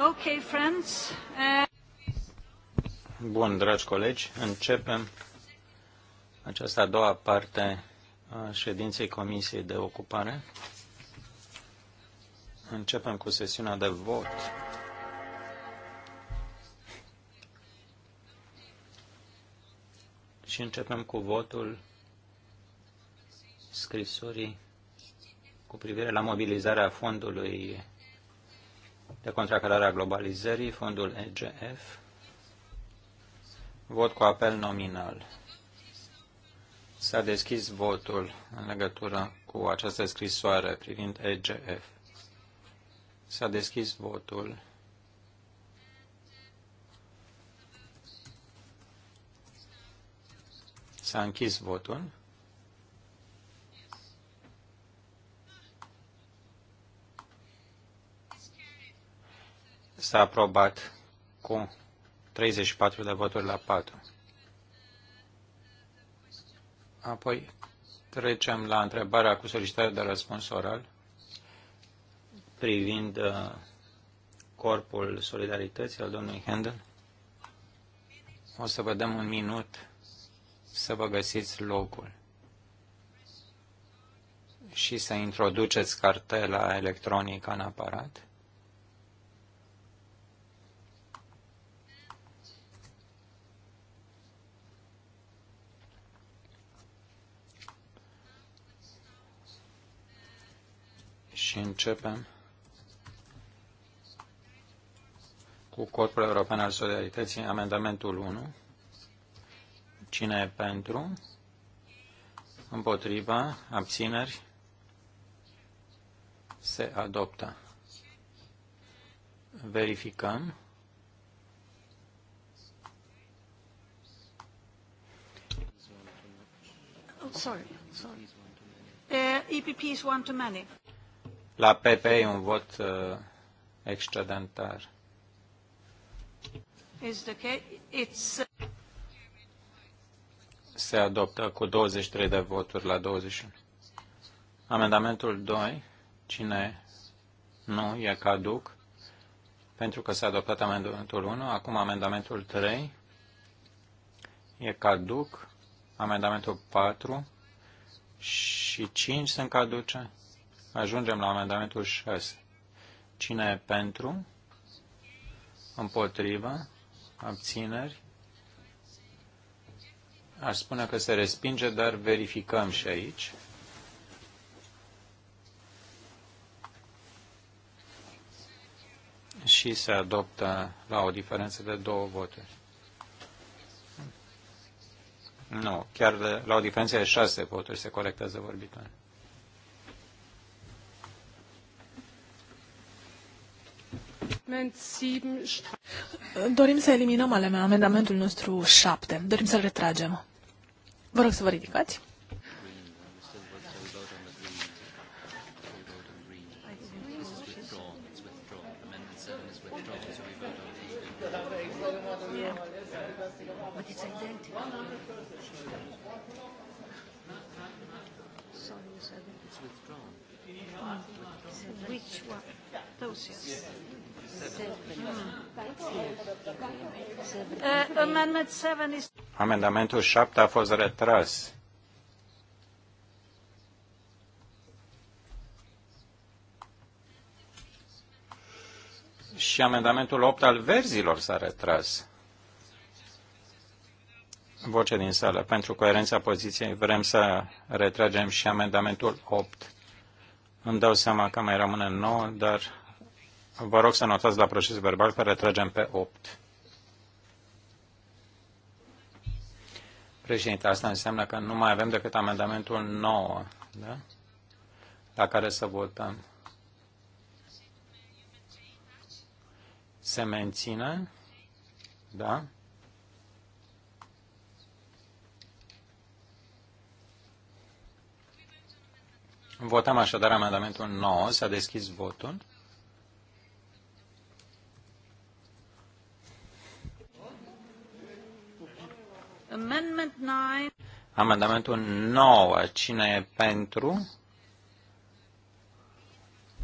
Uh, Bun, dragi colegi, începem această a doua parte a ședinței Comisiei de Ocupare. Începem cu sesiunea de vot. Și începem cu votul scrisorii cu privire la mobilizarea fondului de contracarare a globalizării, fondul EGF. Vot cu apel nominal. S-a deschis votul în legătură cu această scrisoare privind EGF. S-a deschis votul. S-a închis votul. s-a aprobat cu 34 de voturi la 4. Apoi trecem la întrebarea cu solicitare de răspuns oral privind uh, corpul solidarității al domnului Handel. O să vă dăm un minut să vă găsiți locul și să introduceți cartela electronică în aparat. și începem cu Corpul European al Solidarității, amendamentul 1. Cine e pentru? Împotriva? Abțineri? Se adoptă. Verificăm. Oh, sorry, sorry. Uh, EPP is one too many. La PP e un vot uh, excedentar. Uh, Se adoptă cu 23 de voturi la 21. Amendamentul 2, cine nu e caduc, pentru că s-a adoptat amendamentul 1, acum amendamentul 3 e caduc, amendamentul 4 și 5 sunt caduce. Ajungem la amendamentul 6. Cine e pentru? Împotrivă? Abțineri? Aș spune că se respinge, dar verificăm și aici. Și se adoptă la o diferență de două voturi. Nu, chiar de, la o diferență de șase voturi se colectează vorbitoare. Dorim să eliminăm amendamentul nostru 7. Dorim să-l retragem. Vă rog să vă ridicați. Yes. Yeah. Uh, amendamentul 7 a fost retras. Și amendamentul 8 al verzilor s-a retras. Voce din sală. Pentru coerența poziției vrem să retragem și amendamentul 8. Îmi dau seama că mai rămâne 9, dar Vă rog să notați la proces verbal că retragem pe 8. Președinte, asta înseamnă că nu mai avem decât amendamentul 9, da? la care să votăm. Se menține? Da? Votăm așadar amendamentul 9. S-a deschis votul. Amendamentul 9. Cine e pentru?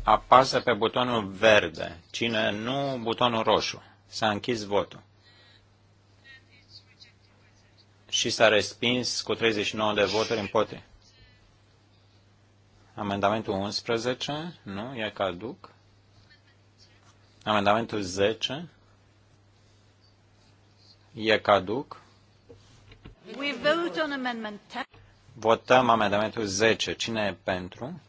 Apasă pe butonul verde. Cine nu, butonul roșu. S-a închis votul. Și s-a respins cu 39 de voturi împotriva. Amendamentul 11, nu, e caduc. Amendamentul 10, e caduc. Votăm amendamentul 10. Cine e pentru?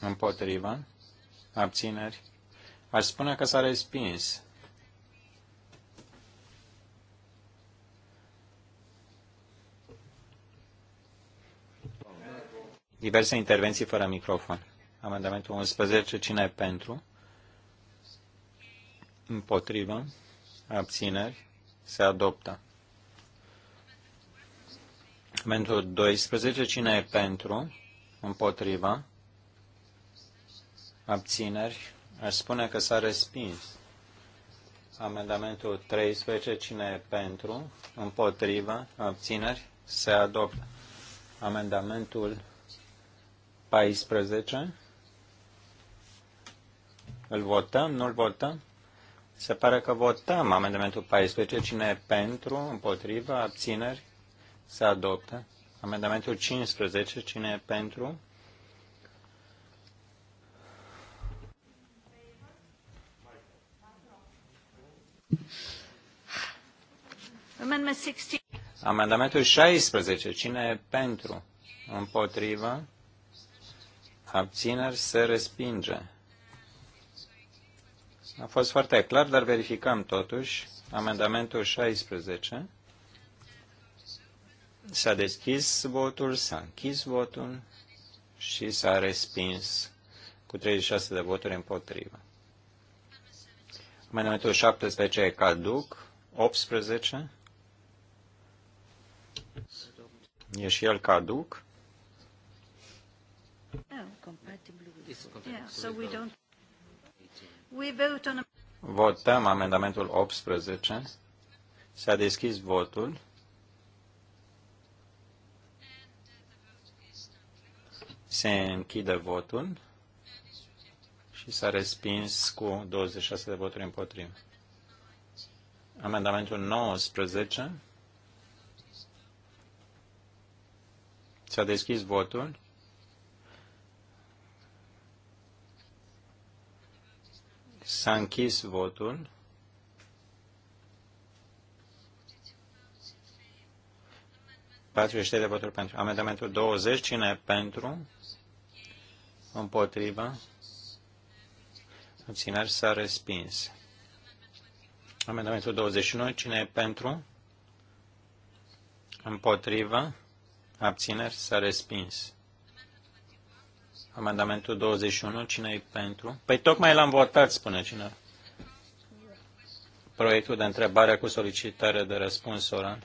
Împotrivă? Abțineri? Aș spune că s-a respins. Diverse intervenții fără microfon. Amendamentul 11. Cine e pentru? Împotrivă? Abțineri? Se adoptă. Pentru 12, cine e pentru? Împotriva? Abțineri? Aș spune că s-a respins. Amendamentul 13, cine e pentru? Împotriva? Abțineri? Se adoptă. Amendamentul 14, îl votăm? Nu-l votăm? Se pare că votăm amendamentul 14. Cine e pentru, împotrivă, abțineri, se adoptă. Amendamentul 15. Cine e pentru? Amendamentul 16. Cine e pentru? Împotrivă? Abțineri se respinge. A fost foarte clar, dar verificăm totuși. Amendamentul 16. S-a deschis votul, s-a închis votul și s-a respins cu 36 de voturi împotrivă. Amendamentul 17 e caduc, 18 e și el caduc. Oh, yeah, so we don't... Votăm amendamentul 18. S-a deschis votul. Se închide votul și s-a respins cu 26 de voturi împotrivă. Amendamentul 19. S-a deschis votul. S-a închis votul. de voturi pentru. Amendamentul 20. Cine e pentru? Împotrivă? Abțineri s-a respins. Amendamentul 29. Cine e pentru? Împotrivă? Abțineri s-a respins. Amendamentul 21, cine e pentru? Păi tocmai l-am votat, spune cine. Proiectul de întrebare cu solicitare de răspuns oral.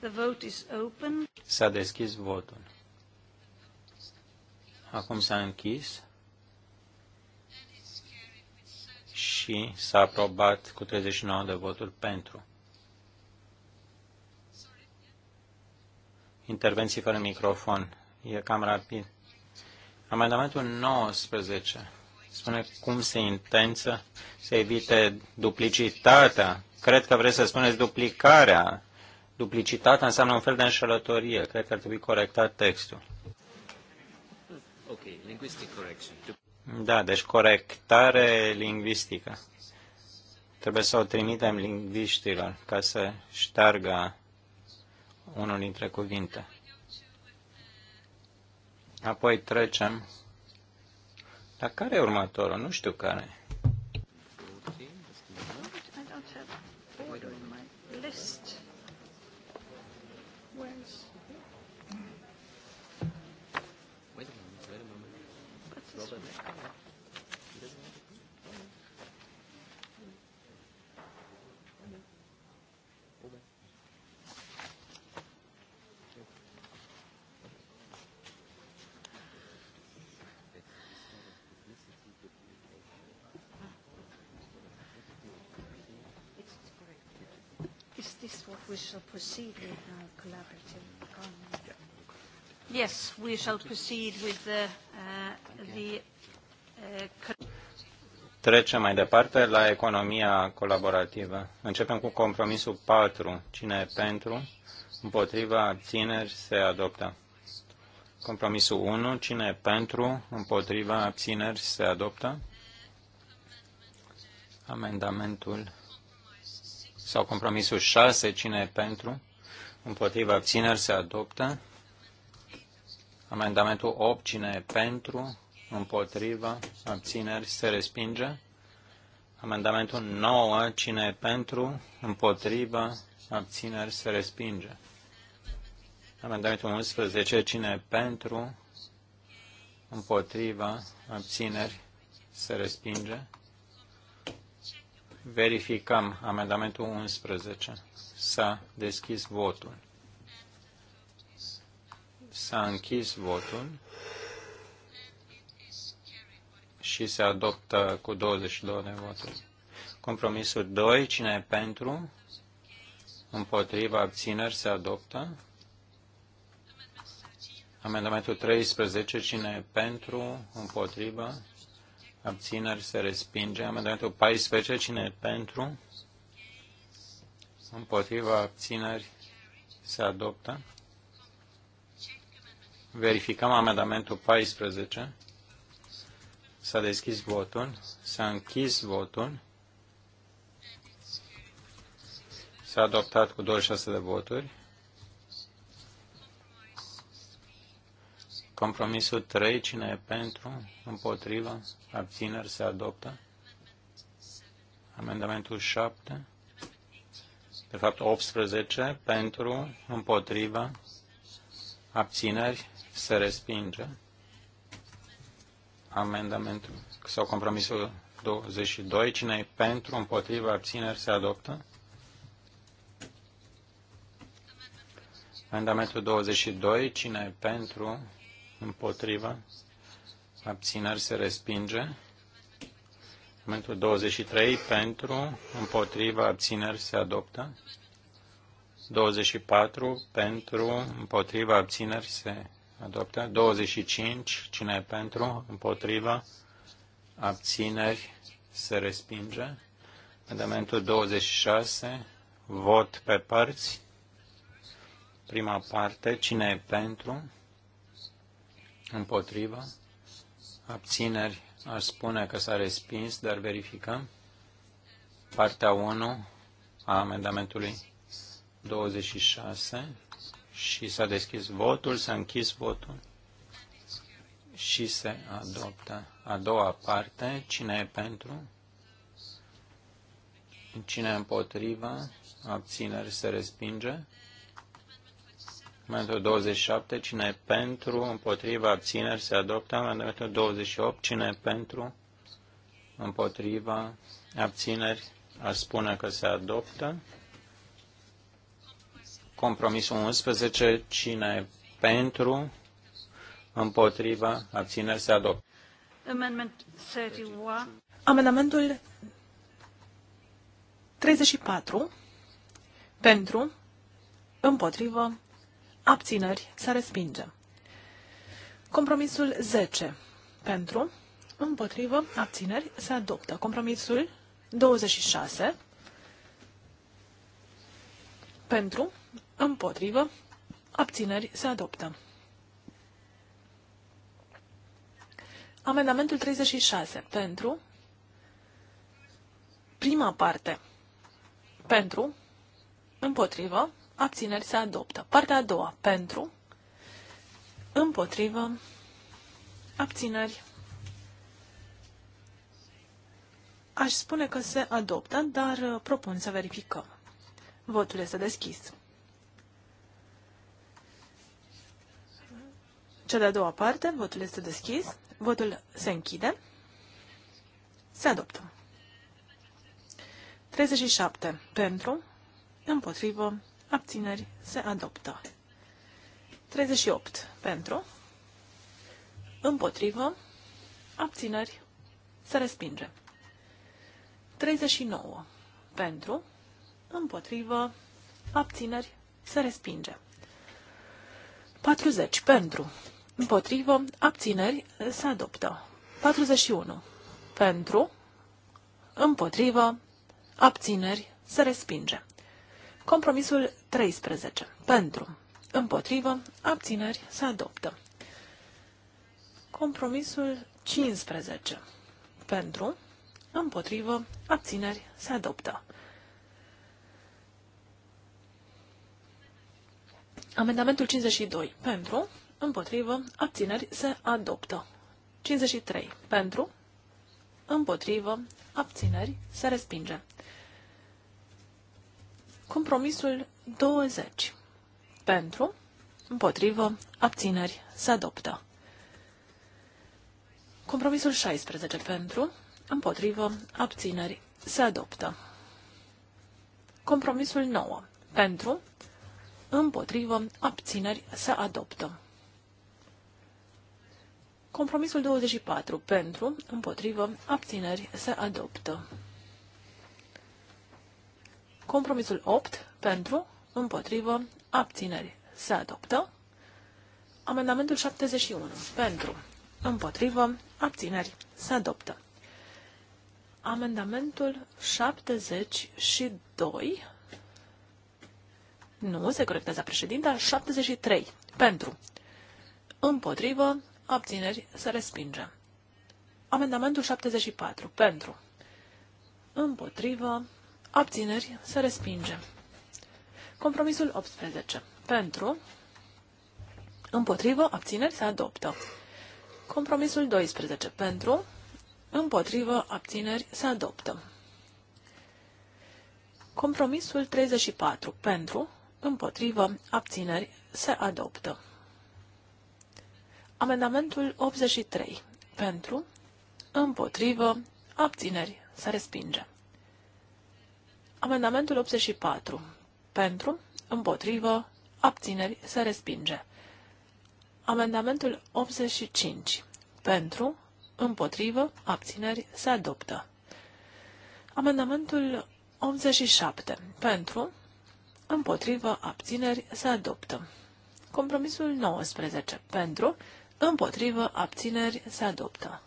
The vote is open. S-a deschis votul. Acum s-a închis și s-a aprobat cu 39 de voturi pentru. intervenții fără microfon. E cam rapid. Amendamentul 19 spune cum se intență să evite duplicitatea. Cred că vreți să spuneți duplicarea. Duplicitatea înseamnă un fel de înșelătorie. Cred că ar trebui corectat textul. linguistic correction. Da, deci corectare lingvistică. Trebuie să o trimitem lingviștilor ca să șteargă unul dintre cuvinte. Apoi trecem. Dar care e următorul? Nu știu care. proceed with now uh, collaborative economy? Yes, we shall proceed with the, uh, the uh, Trecem mai departe la economia colaborativă. Începem cu compromisul 4. Cine e pentru? Împotriva abțineri se adoptă. Compromisul 1. Cine e pentru? Împotriva abțineri se adoptă. Amendamentul 1 sau compromisul 6, cine e pentru, împotriva abțineri se adoptă. Amendamentul 8, cine e pentru, împotriva, abțineri se respinge. Amendamentul 9, cine e pentru, împotriva, abțineri se respinge. Amendamentul 11, cine e pentru, împotriva, abțineri se respinge. Verificăm amendamentul 11. S-a deschis votul. S-a închis votul și se adoptă cu 22 de voturi. Compromisul 2. Cine e pentru? Împotriva abțineri se adoptă. Amendamentul 13. Cine e pentru? Împotriva? abțineri se respinge. Amendamentul 14, cine e pentru? Împotriva abțineri se adoptă. Verificăm amendamentul 14. S-a deschis votul, s-a închis votul, s-a adoptat cu 26 de voturi. Compromisul 3, cine e pentru, împotrivă, abțineri, se adoptă. Amendamentul 7, de fapt 18, pentru, împotrivă, abțineri, se respinge. Amendamentul sau compromisul 22, cine e pentru, împotrivă, abțineri, se adoptă. Amendamentul 22, cine e pentru, împotriva, abțineri se respinge. Momentul 23 pentru, împotriva, abțineri se adoptă. 24 pentru, împotriva, abțineri se adoptă. 25, cine e pentru, împotriva, abțineri se respinge. Amendamentul 26, vot pe părți. Prima parte, cine e pentru, împotriva, abțineri, aș spune că s-a respins, dar verificăm. Partea 1 a amendamentului 26 și s-a deschis votul, s-a închis votul și se adoptă. A doua parte, cine e pentru? Cine e împotriva? Abțineri se respinge. Amendamentul 27, cine e pentru, împotriva, abțineri, se adoptă. Amendamentul 28, cine e pentru, împotriva, abțineri, ar spune că se adoptă. Compromisul 11, cine e pentru, împotriva, abțineri, se adoptă. Amendment 31. Amendamentul 34 pentru, împotrivă, Abțineri. Se respinge. Compromisul 10. Pentru. Împotrivă. Abțineri. Se adoptă. Compromisul 26. Pentru. Împotrivă. Abțineri. Se adoptă. Amendamentul 36. Pentru. Prima parte. Pentru. Împotrivă abțineri se adoptă. Partea a doua, pentru, împotrivă, abțineri. Aș spune că se adoptă, dar uh, propun să verificăm. Votul este deschis. Cea de-a doua parte, votul este deschis, votul se închide, se adoptă. 37 pentru, împotrivă, abțineri, se adoptă. 38 pentru, împotrivă, abțineri, se respinge. 39 pentru, împotrivă, abțineri, se respinge. 40 pentru, împotrivă, abțineri, se adoptă. 41 pentru, împotrivă, abțineri, se respinge. Compromisul 13. Pentru. Împotrivă. Abțineri. Se adoptă. Compromisul 15. Pentru. Împotrivă. Abțineri. Se adoptă. Amendamentul 52. Pentru. Împotrivă. Abțineri. Se adoptă. 53. Pentru. Împotrivă. Abțineri. Se respinge. Compromisul 20. Pentru, împotrivă, abțineri, se adoptă. Compromisul 16. Pentru, împotrivă, abțineri, se adoptă. Compromisul 9. Pentru, împotrivă, abțineri, se adoptă. Compromisul 24. Pentru, împotrivă, abțineri, se adoptă. Compromisul 8 pentru, împotrivă, abțineri se adoptă. Amendamentul 71 pentru, împotrivă, abțineri se adoptă. Amendamentul 72 nu, se corectează președinta, 73 pentru, împotrivă, abțineri se respinge. Amendamentul 74 pentru, împotrivă, Abțineri se respinge. Compromisul 18. Pentru. Împotrivă. Abțineri se adoptă. Compromisul 12. Pentru. Împotrivă. Abțineri se adoptă. Compromisul 34. Pentru. Împotrivă. Abțineri se adoptă. Amendamentul 83. Pentru. Împotrivă. Abțineri se respinge. Amendamentul 84. Pentru, împotrivă, abțineri, se respinge. Amendamentul 85. Pentru, împotrivă, abțineri, se adoptă. Amendamentul 87. Pentru, împotrivă, abțineri, se adoptă. Compromisul 19. Pentru, împotrivă, abțineri, se adoptă.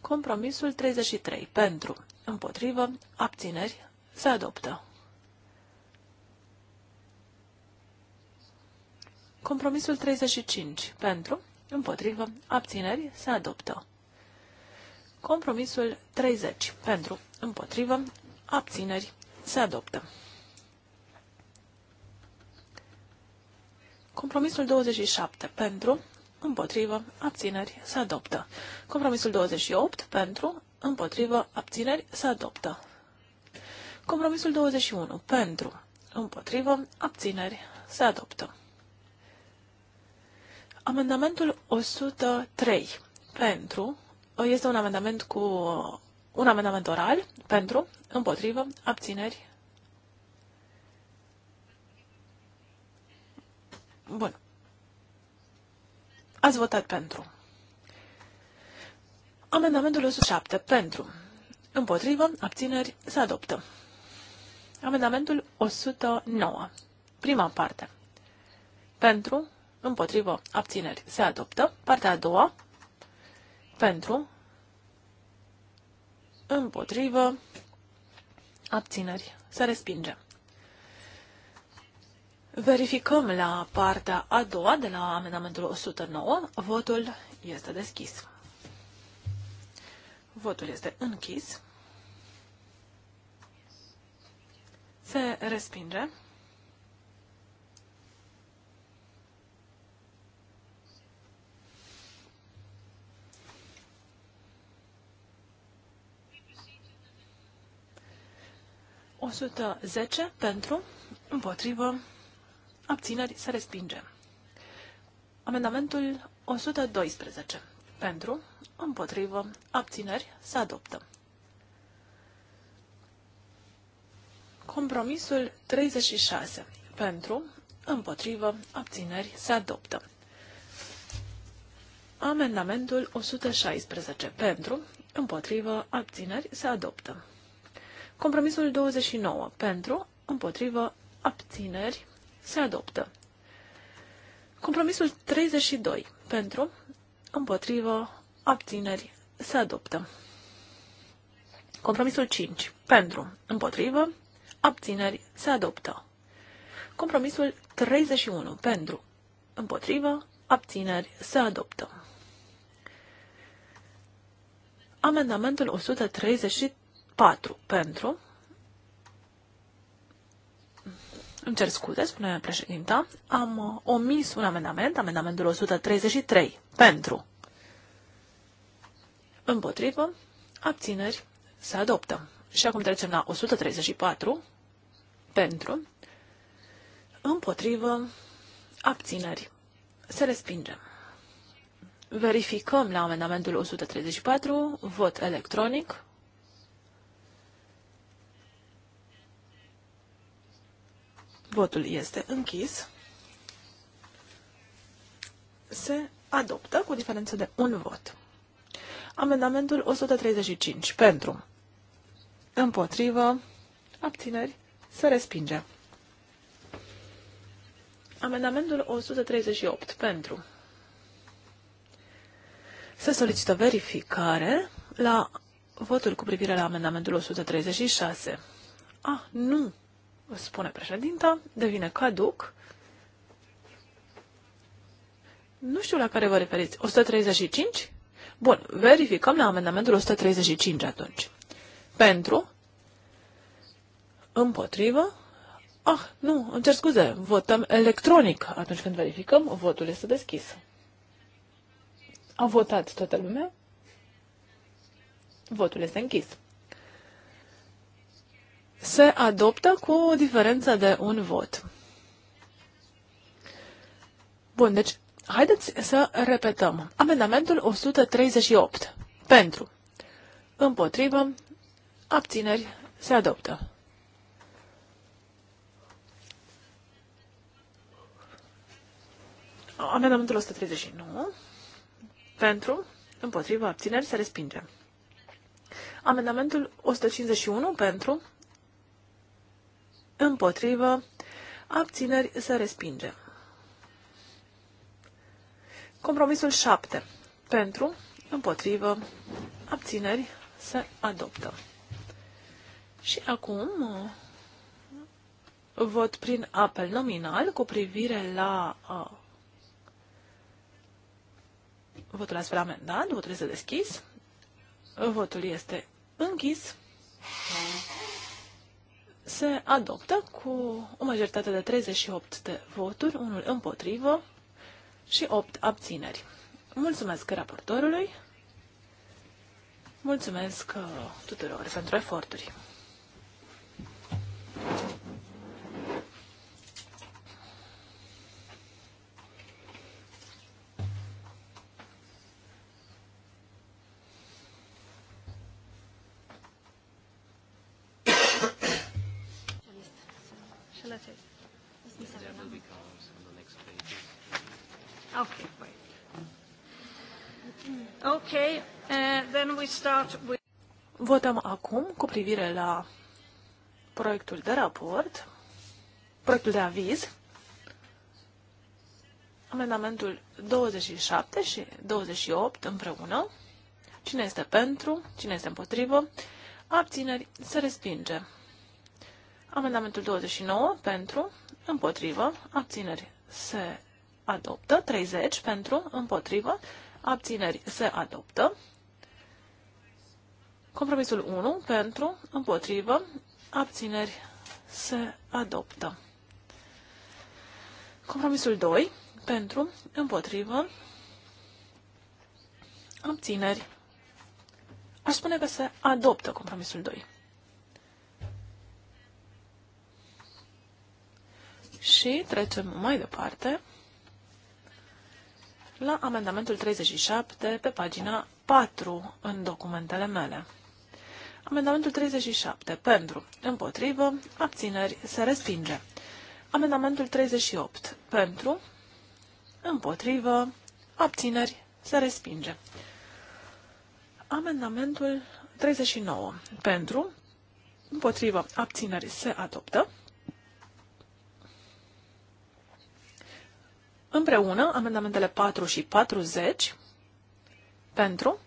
Compromisul 33. Pentru, împotrivă, abțineri, se adoptă. Compromisul 35. Pentru, împotrivă, abțineri, se adoptă. Compromisul 30. Pentru, împotrivă, abțineri, se adoptă. Compromisul 27. Pentru, împotrivă, abțineri, se adoptă. Compromisul 28. Pentru, împotrivă, abțineri, se adoptă. Compromisul 21. Pentru. Împotrivă. Abțineri. Se adoptă. Amendamentul 103. Pentru. Este un amendament cu un amendament oral. Pentru. Împotrivă. Abțineri. Bun. Ați votat pentru. Amendamentul 107. Pentru. Împotrivă. Abțineri. Se adoptă. Amendamentul 109. Prima parte. Pentru, împotrivă, abțineri se adoptă. Partea a doua. Pentru, împotrivă, abțineri se respinge. Verificăm la partea a doua de la amendamentul 109. Votul este deschis. Votul este închis. Se respinge. O sută zece pentru, împotrivă, abțineri, se respinge. Amendamentul 112. Pentru, împotrivă, abțineri, se adoptă. Compromisul 36. Pentru, împotrivă, abțineri, se adoptă. Amendamentul 116. Pentru, împotrivă, abțineri, se adoptă. Compromisul 29. Pentru, împotrivă, abțineri, se adoptă. Compromisul 32. Pentru, împotrivă, abțineri, se adoptă. Compromisul 5. Pentru, împotrivă, abțineri, se adoptă. Compromisul 31 pentru, împotrivă, abțineri, se adoptă. Amendamentul 134 pentru, îmi cer scuze, spune președinta, am uh, omis un amendament, amendamentul 133, pentru, împotrivă, abțineri, se adoptă. Și acum trecem la 134 pentru, împotrivă, abțineri. Se respinge. Verificăm la amendamentul 134, vot electronic. Votul este închis. Se adoptă cu diferență de un vot. Amendamentul 135 pentru împotrivă, abțineri, să respinge. Amendamentul 138 pentru. Se solicită verificare la votul cu privire la amendamentul 136. A, nu, spune președinta, devine caduc. Nu știu la care vă referiți. 135? Bun, verificăm la amendamentul 135 atunci. Pentru? Împotrivă? Ah, nu, îmi cer scuze, votăm electronic atunci când verificăm, votul este deschis. A votat toată lumea? Votul este închis. Se adoptă cu o diferență de un vot. Bun, deci haideți să repetăm. Amendamentul 138. Pentru. Împotrivă. Abțineri. Se adoptă. Amendamentul 139. Pentru. Împotrivă. Abțineri. Se respinge. Amendamentul 151. Pentru. Împotrivă. Abțineri. Se respinge. Compromisul 7. Pentru, împotrivă, abțineri, se adoptă. Și acum uh, vot prin apel nominal cu privire la uh, votul astfel amendat, votul este deschis, votul este închis, se adoptă cu o majoritate de 38 de voturi, unul împotrivă și 8 abțineri. Mulțumesc raportorului, mulțumesc uh, tuturor pentru eforturi. Votăm acum cu privire la proiectul de raport, proiectul de aviz, amendamentul 27 și 28 împreună. Cine este pentru, cine este împotrivă, abțineri, se respinge. Amendamentul 29 pentru, împotrivă, abțineri, se adoptă. 30 pentru, împotrivă, abțineri, se adoptă. Compromisul 1 pentru, împotrivă, abțineri se adoptă. Compromisul 2 pentru, împotrivă, abțineri. Aș spune că se adoptă compromisul 2. Și trecem mai departe la amendamentul 37 pe pagina 4 în documentele mele. Amendamentul 37. Pentru. Împotrivă. Abțineri. Se respinge. Amendamentul 38. Pentru. Împotrivă. Abțineri. Se respinge. Amendamentul 39. Pentru. Împotrivă. Abțineri. Se adoptă. Împreună, amendamentele 4 și 40. Pentru.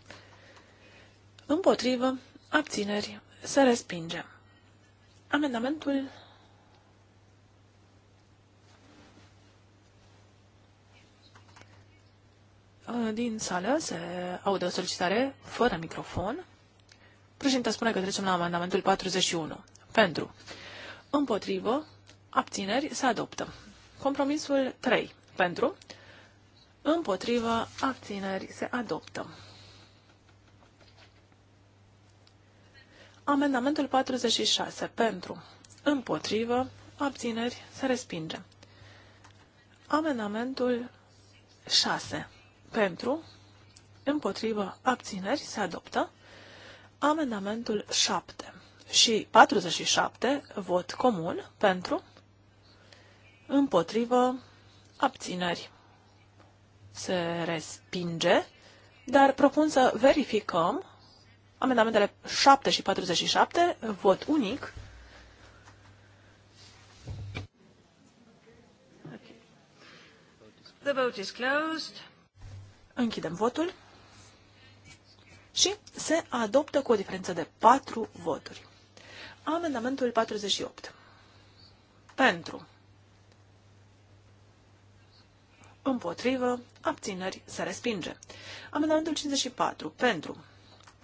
Împotrivă. Abțineri. Se respinge. Amendamentul uh, din sală se aude o solicitare fără microfon. Președinte spune că trecem la amendamentul 41. Pentru. Împotrivă. Abțineri. Se adoptă. Compromisul 3. Pentru. Împotrivă. Abțineri. Se adoptă. Amendamentul 46. Pentru. Împotrivă. Abțineri. Se respinge. Amendamentul 6. Pentru. Împotrivă. Abțineri. Se adoptă. Amendamentul 7 și 47. Vot comun. Pentru. Împotrivă. Abțineri. Se respinge. Dar propun să verificăm Amendamentele 7 și 47, vot unic. The vote is closed. Închidem votul și se adoptă cu o diferență de 4 voturi. Amendamentul 48. Pentru. Împotrivă. Abțineri. Se respinge. Amendamentul 54. Pentru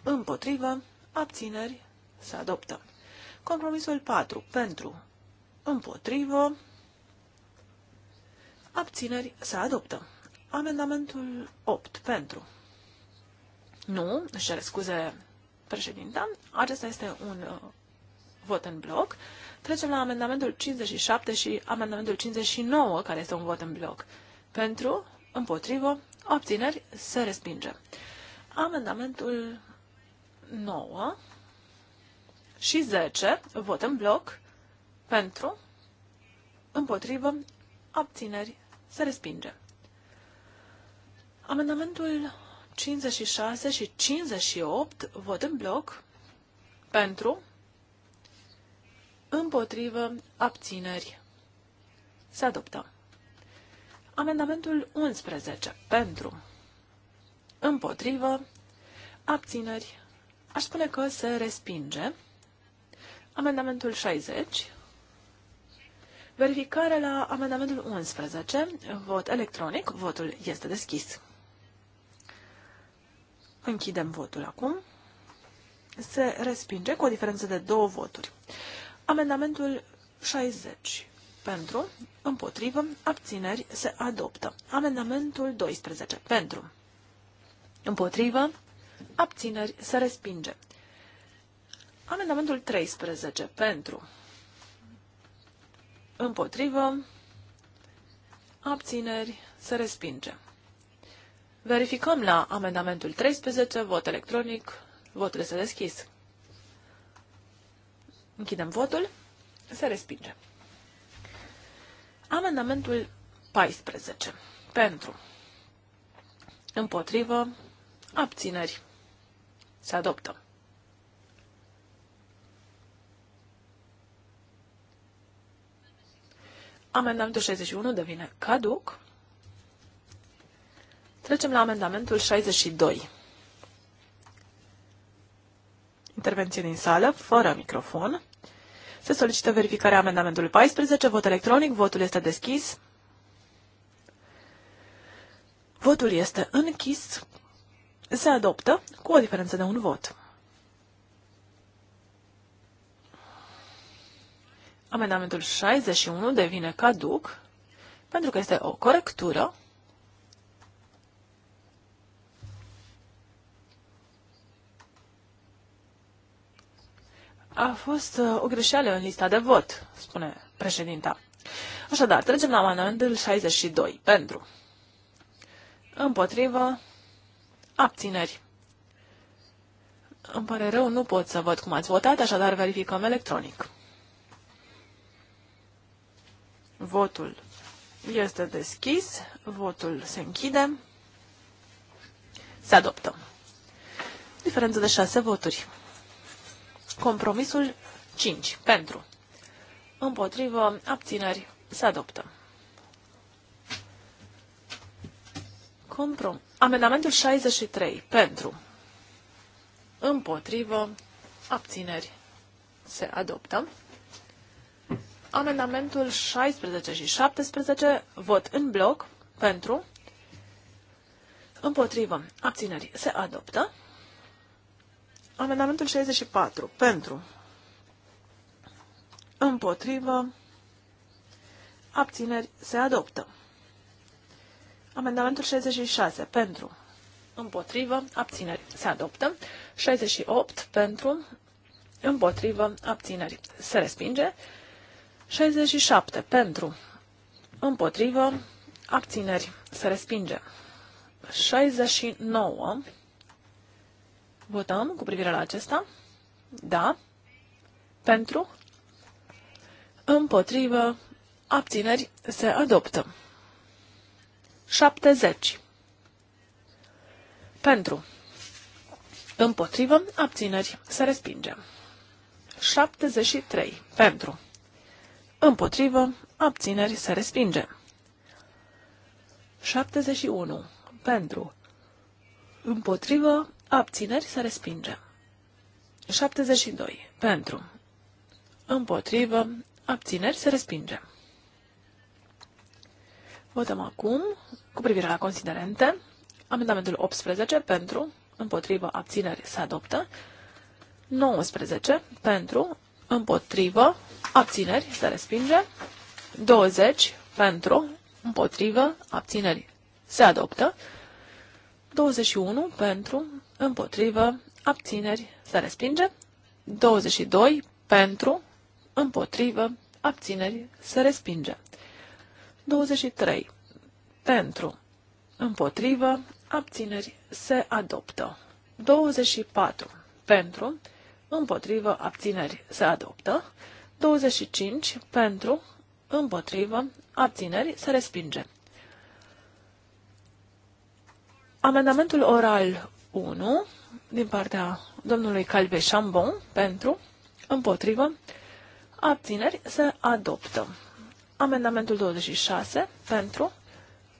împotrivă, abțineri, se adoptă. Compromisul 4, pentru, împotrivă, abțineri, se adoptă. Amendamentul 8, pentru. Nu, își cer scuze președinta, acesta este un uh, vot în bloc. Trecem la amendamentul 57 și amendamentul 59, care este un vot în bloc. Pentru, împotrivă, obțineri, se respinge. Amendamentul 9 și 10. Vot în bloc. Pentru. Împotrivă. Abțineri. Se respinge. Amendamentul 56 și 58. Vot în bloc. Pentru. Împotrivă. Abțineri. Se adoptă. Amendamentul 11. Pentru. Împotrivă. Abțineri. Aș spune că se respinge. Amendamentul 60. Verificare la amendamentul 11. Vot electronic. Votul este deschis. Închidem votul acum. Se respinge cu o diferență de două voturi. Amendamentul 60. Pentru, împotrivă, abțineri se adoptă. Amendamentul 12. Pentru, împotrivă, abțineri, se respinge. Amendamentul 13 pentru împotrivă, abțineri, se respinge. Verificăm la amendamentul 13, vot electronic, votul este deschis. Închidem votul, se respinge. Amendamentul 14, pentru, împotrivă, abțineri, se adoptă. Amendamentul 61 devine caduc. Trecem la amendamentul 62. Intervenție din sală, fără microfon. Se solicită verificarea amendamentului 14, vot electronic, votul este deschis. Votul este închis se adoptă cu o diferență de un vot. Amendamentul 61 devine caduc pentru că este o corectură A fost uh, o greșeală în lista de vot, spune președinta. Așadar, trecem la amendamentul 62. Pentru. Împotrivă. Abțineri. Îmi pare rău, nu pot să văd cum ați votat, așadar verificăm electronic. Votul este deschis, votul se închide, se adoptă. Diferență de șase voturi. Compromisul 5. Pentru. Împotrivă, abțineri, se adoptă. Comprom Amendamentul 63. Pentru. Împotrivă. Abțineri. Se adoptă. Amendamentul 16 și 17. Vot în bloc. Pentru. Împotrivă. Abțineri. Se adoptă. Amendamentul 64. Pentru. Împotrivă. Abțineri. Se adoptă. Amendamentul 66 pentru, împotrivă, abțineri. Se adoptă. 68 pentru, împotrivă, abțineri. Se respinge. 67 pentru, împotrivă, abțineri. Se respinge. 69. Votăm cu privire la acesta. Da. Pentru. Împotrivă. Abțineri. Se adoptă. 70. Pentru. Împotrivă, abțineri, se respinge. 73. Pentru. Împotrivă, abțineri, se respinge. 71. Pentru. Împotrivă, abțineri, se respinge. 72. Pentru. Împotrivă, abțineri, se respinge. Votăm acum cu privire la considerente. Amendamentul 18 pentru, împotrivă, abțineri se adoptă. 19 pentru, împotrivă, abțineri se respinge. 20 pentru, împotrivă, abțineri se adoptă. 21 pentru, împotrivă, abțineri se respinge. 22 pentru, împotrivă, abțineri se respinge. 23. Pentru. Împotrivă. Abțineri. Se adoptă. 24. Pentru. Împotrivă. Abțineri. Se adoptă. 25. Pentru. Împotrivă. Abțineri. Se respinge. Amendamentul oral 1 din partea domnului Calve Chambon pentru, împotrivă, abțineri se adoptă. Amendamentul 26 pentru,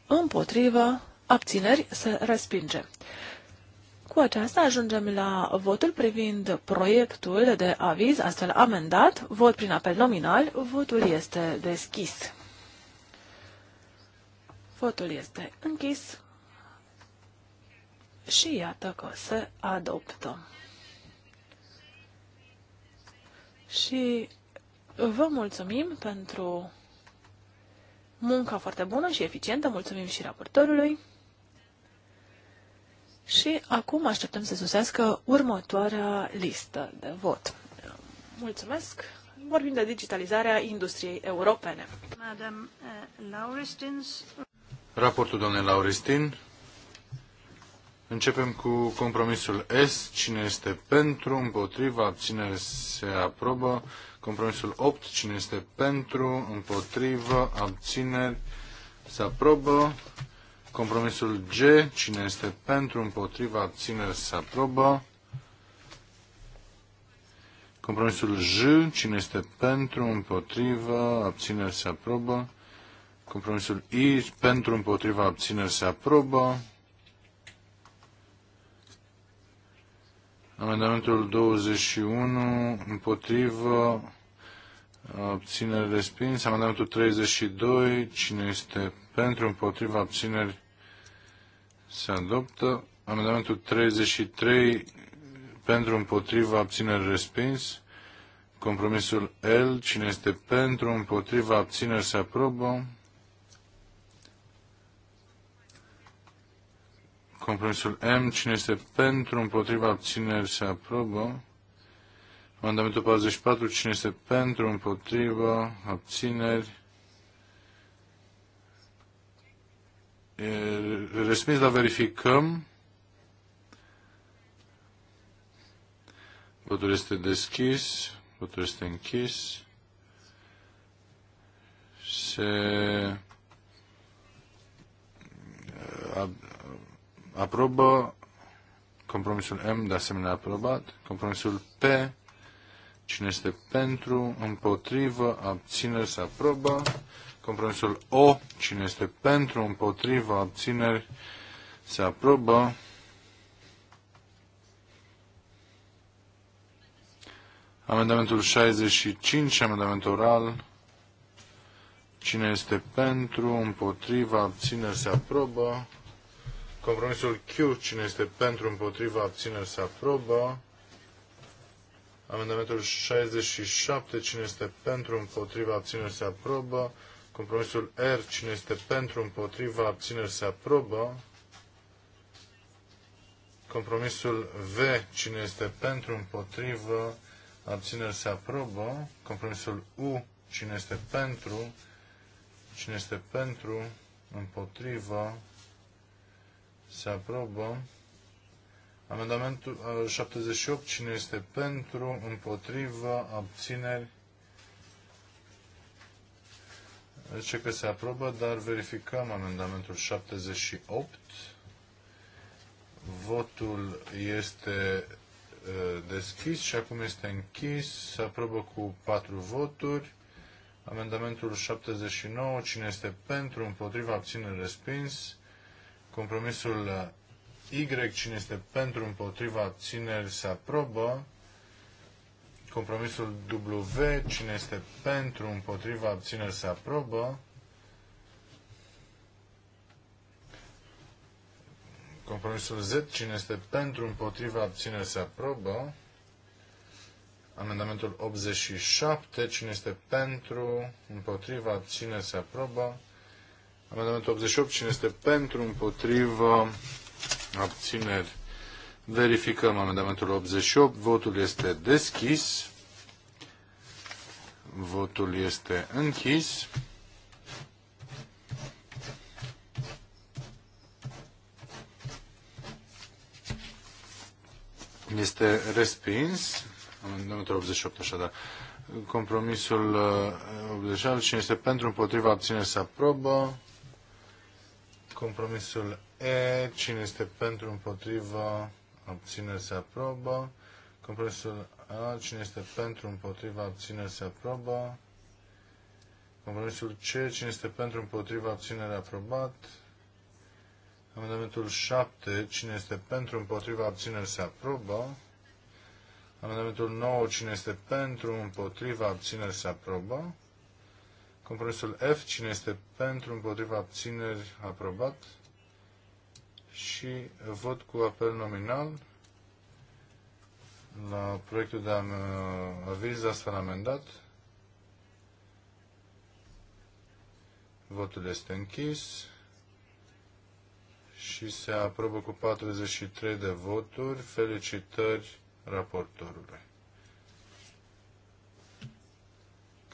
împotrivă, abțineri se respinge. Cu aceasta ajungem la votul privind proiectul de aviz astfel amendat, vot prin apel nominal, votul este deschis. Votul este închis și iată că se adoptă. Și vă mulțumim pentru munca foarte bună și eficientă, mulțumim și raportorului. Și acum așteptăm să susească următoarea listă de vot. Mulțumesc! Vorbim de digitalizarea industriei europene. Madame, uh, Raportul doamnei Lauristin. Începem cu compromisul S. Cine este pentru, împotriva, abținere se aprobă. Compromisul 8. Cine este pentru, împotrivă, abțineri se aprobă. Compromisul G. Cine este pentru, împotriva, abțineri se aprobă. Compromisul J. Cine este pentru, împotrivă, abțineri se aprobă. Compromisul I. Pentru, împotriva, abțineri se aprobă. Amendamentul 21 împotrivă. Abțineri respins. Amendamentul 32. Cine este pentru, împotriva, abțineri se adoptă. Amendamentul 33. Pentru, împotriva, abțineri respins. Compromisul L. Cine este pentru, împotriva, abțineri se aprobă. Compromisul M, cine este pentru, împotriva, abțineri, se aprobă. Amendamentul 44, cine este pentru, împotriva, abțineri. E respins, dar verificăm. Votul este deschis, votul este închis. Se aprobă. Compromisul M, de asemenea, aprobat. Compromisul P, cine este pentru, împotrivă, abțineri, se aprobă. Compromisul O, cine este pentru, împotrivă, abțineri, se aprobă. Amendamentul 65, amendament oral. Cine este pentru, împotrivă, abțineri, se aprobă. Compromisul Q, cine este pentru, împotriva, abțineri, se aprobă. Amendamentul 67, cine este pentru, împotriva, abțineri, se aprobă. Compromisul R, cine este pentru, împotriva, abțineri, se aprobă. Compromisul V, cine este pentru, împotriva abțineri, se aprobă. Compromisul U, cine este pentru, cine este pentru, împotriva, se aprobă. Amendamentul 78. Uh, cine este pentru? Împotrivă? Abțineri? Zice că se aprobă, dar verificăm amendamentul 78. Votul este uh, deschis și acum este închis. Se aprobă cu 4 voturi. Amendamentul 79. Cine este pentru, împotriva, abține, respins. Compromisul uh, Y, cine este pentru, împotriva, abțineri, se aprobă. Compromisul W, cine este pentru, împotriva, abțineri, se aprobă. Compromisul Z, cine este pentru, împotriva, abțineri, se aprobă. Amendamentul 87, cine este pentru, împotriva, abțineri, se aprobă. Amendamentul 88. Cine este pentru, împotrivă, abțineri. Verificăm amendamentul 88. Votul este deschis. Votul este închis. Este respins. Amendamentul 88, așadar. Compromisul 88. Uh, cine este pentru, împotriva, abține, se aprobă. Compromisul E, cine este pentru, împotrivă, abțineri se aprobă. Compromisul A, cine este pentru, împotrivă, abțineri se aprobă. Compromisul C, cine este pentru, împotrivă, abținere aprobat. Amendamentul 7, cine este pentru, împotrivă, abțineri se aprobă. Amendamentul 9, cine este pentru, împotrivă, abțineri se aprobă. Compromisul F, cine este pentru, împotriva abțineri, aprobat. Și vot cu apel nominal la proiectul de uh, aviz astfel amendat. Votul este închis și se aprobă cu 43 de voturi. Felicitări raportorului.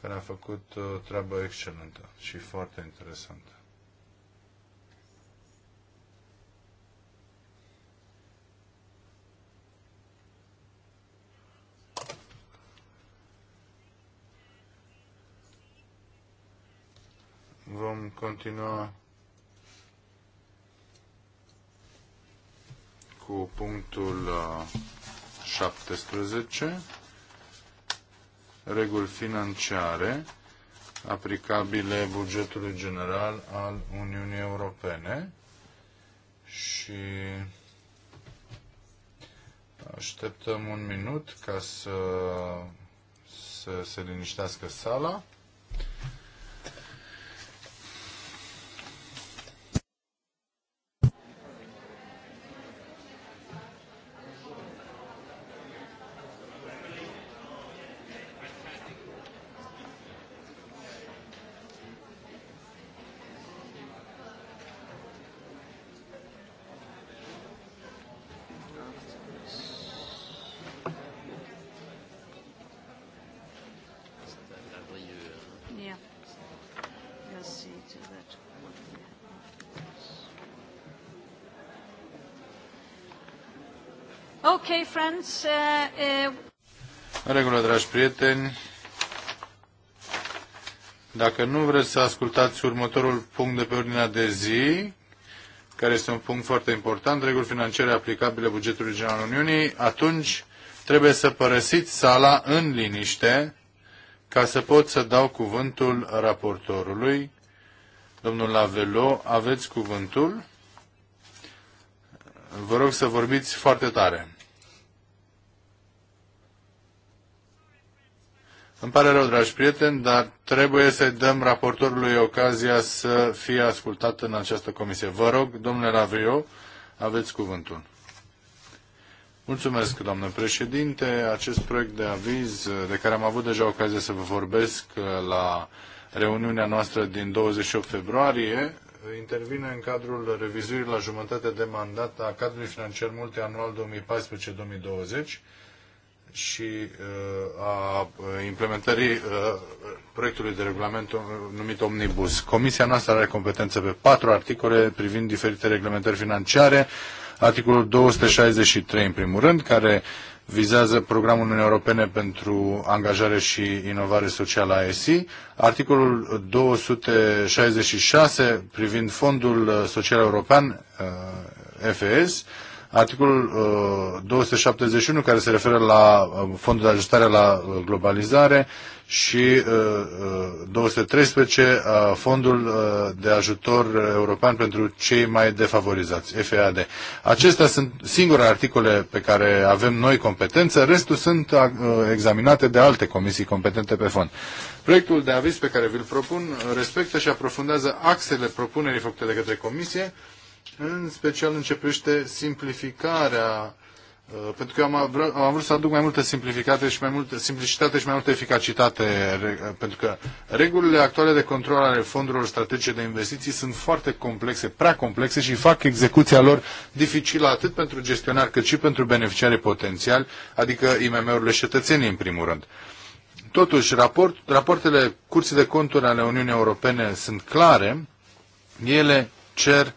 care a făcut o uh, treabă excelentă și foarte interesantă. Vom continua cu punctul 17. Uh, reguli financiare aplicabile bugetului general al Uniunii Europene și așteptăm un minut ca să, să se liniștească sala. Ok, friends. Uh, uh, în regulă, dragi prieteni, dacă nu vreți să ascultați următorul punct de pe ordinea de zi, care este un punct foarte important, reguli financiare aplicabile bugetului general al Uniunii, atunci trebuie să părăsiți sala în liniște ca să pot să dau cuvântul raportorului Domnul Lavelo, aveți cuvântul. Vă rog să vorbiți foarte tare. Îmi pare rău, dragi prieteni, dar trebuie să-i dăm raportorului ocazia să fie ascultat în această comisie. Vă rog, domnule Lavrio, aveți cuvântul. Mulțumesc, doamnă președinte. Acest proiect de aviz, de care am avut deja ocazia să vă vorbesc la reuniunea noastră din 28 februarie intervine în cadrul revizuirii la jumătate de mandat a cadrului financiar multianual 2014-2020 și uh, a uh, implementării uh, proiectului de regulament numit Omnibus. Comisia noastră are competență pe patru articole privind diferite reglementări financiare. Articolul 263, în primul rând, care vizează programul Uniunii Europene pentru angajare și inovare socială ESI. articolul 266 privind Fondul Social European, uh, FES, Articolul 271 uh, care se referă la uh, fondul de ajustare la uh, globalizare și 213 fondul de ajutor european pentru cei mai defavorizați, FAD. Acestea sunt singurele articole pe care avem noi competență, restul sunt examinate de alte comisii competente pe fond. Proiectul de aviz pe care vi-l propun respectă și aprofundează axele propunerii făcute de către comisie în special privește simplificarea uh, pentru că am, vrut, am vrut să aduc mai multă simplificare și mai multă simplicitate și mai multă eficacitate, pentru că regulile actuale de control ale fondurilor strategice de investiții sunt foarte complexe, prea complexe și fac execuția lor dificilă atât pentru gestionari cât și pentru beneficiarii potențiali, adică IMM-urile și cetățenii în primul rând. Totuși, raport, rapoartele Curții de Conturi ale Uniunii Europene sunt clare, ele cer uh,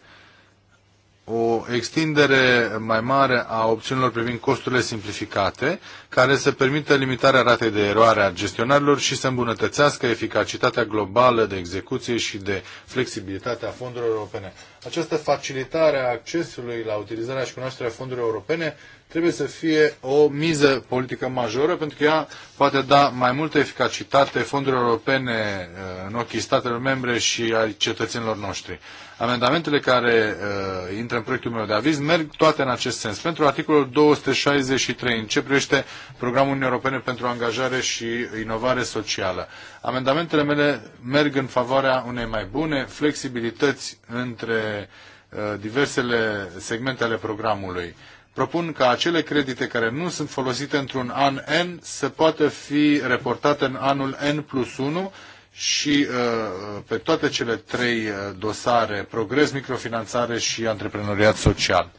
o extindere mai mare a opțiunilor privind costurile simplificate, care să permită limitarea ratei de eroare a gestionarilor și să îmbunătățească eficacitatea globală de execuție și de flexibilitate a fondurilor europene. Această facilitare a accesului la utilizarea și cunoașterea fondurilor europene trebuie să fie o miză politică majoră, pentru că ea poate da mai multă eficacitate fondurilor europene uh, în ochii statelor membre și ai cetățenilor noștri. Amendamentele care uh, intră în proiectul meu de aviz merg toate în acest sens. Pentru articolul 263, în ce privește programul Uniunii Europene pentru angajare și inovare socială. Amendamentele mele merg în favoarea unei mai bune flexibilități între uh, diversele segmente ale programului propun ca acele credite care nu sunt folosite într-un an N să poată fi reportate în anul N plus 1 și uh, pe toate cele trei uh, dosare, progres, microfinanțare și antreprenoriat social.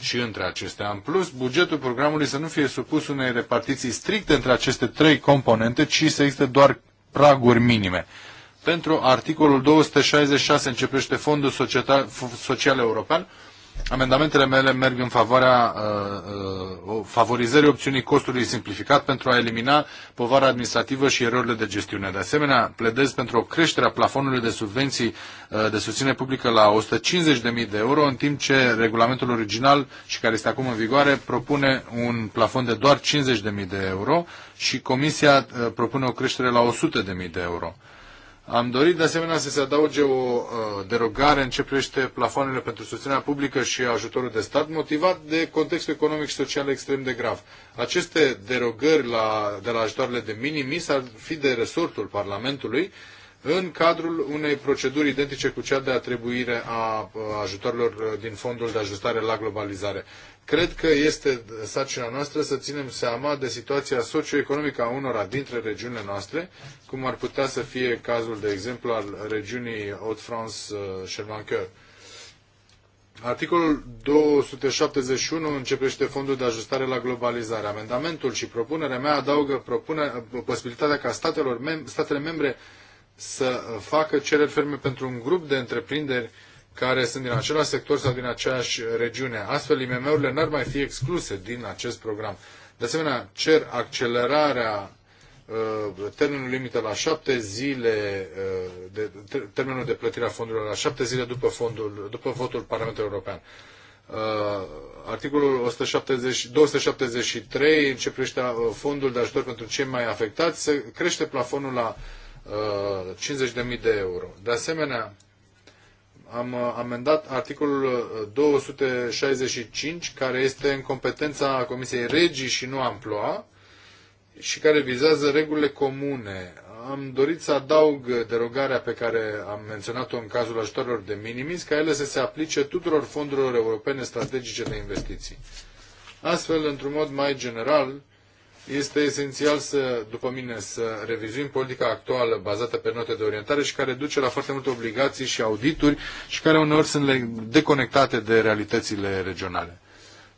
Și între acestea, în plus, bugetul programului să nu fie supus unei repartiții stricte între aceste trei componente, ci să existe doar praguri minime. Pentru articolul 266 începește Fondul Social European, Amendamentele mele merg în favoarea uh, uh, favorizării opțiunii costului simplificat pentru a elimina povara administrativă și erorile de gestiune. De asemenea, pledez pentru o creștere a plafonului de subvenții uh, de susținere publică la 150.000 de euro, în timp ce regulamentul original și care este acum în vigoare propune un plafon de doar 50.000 de euro și Comisia uh, propune o creștere la 100.000 de euro. Am dorit de asemenea să se adauge o uh, derogare în ce privește plafoanele pentru susținerea publică și ajutorul de stat, motivat de contextul economic și social extrem de grav. Aceste derogări la, de la ajutoarele de minimis ar fi de resortul Parlamentului în cadrul unei proceduri identice cu cea de atribuire a uh, ajutorilor uh, din Fondul de Ajustare la Globalizare. Cred că este sarcina noastră să ținem seama de situația socioeconomică a unora dintre regiunile noastre, cum ar putea să fie cazul, de exemplu, al regiunii Haute-France-Chermancoeur. Uh, Articolul 271 începește fondul de ajustare la globalizare. Amendamentul și propunerea mea adaugă propune, uh, posibilitatea ca statelor mem- statele membre să facă cereri ferme pentru un grup de întreprinderi care sunt din același sector sau din aceeași regiune. Astfel, IMM-urile n-ar mai fi excluse din acest program. De asemenea, cer accelerarea uh, termenul limită la șapte zile, uh, de, termenul de plătire a fondurilor la șapte zile după, fondul, după votul Parlamentului European. Uh, articolul 170, 273 ce privește fondul de ajutor pentru cei mai afectați, se crește plafonul la 50.000 de euro. De asemenea, am uh, amendat articolul 265, uh, care este în competența Comisiei Regii și nu Amploa, și care vizează regulile comune. Am dorit să adaug derogarea pe care am menționat-o în cazul ajutorilor de minimis, ca ele să se aplice tuturor fondurilor europene strategice de investiții. Astfel, într-un mod mai general, este esențial să, după mine, să revizuim politica actuală bazată pe note de orientare și care duce la foarte multe obligații și audituri și care uneori sunt deconectate de realitățile regionale.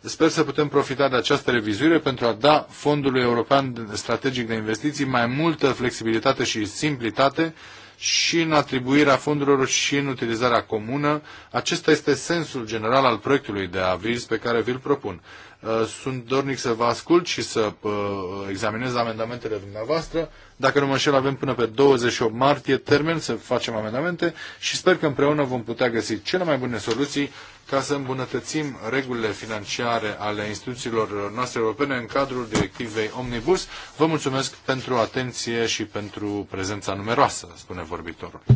Sper să putem profita de această revizuire pentru a da Fondului European Strategic de Investiții mai multă flexibilitate și simplitate și în atribuirea fondurilor și în utilizarea comună. Acesta este sensul general al proiectului de aviz pe care vi-l propun. Uh, sunt dornic să vă ascult și să uh, examinez amendamentele dumneavoastră. Dacă nu mă înșel, avem până pe 28 martie termen să facem amendamente și sper că împreună vom putea găsi cele mai bune soluții ca să îmbunătățim regulile financiare ale instituțiilor noastre europene în cadrul directivei Omnibus. Vă mulțumesc pentru atenție și pentru prezența numeroasă, spune vorbitorul. Uh,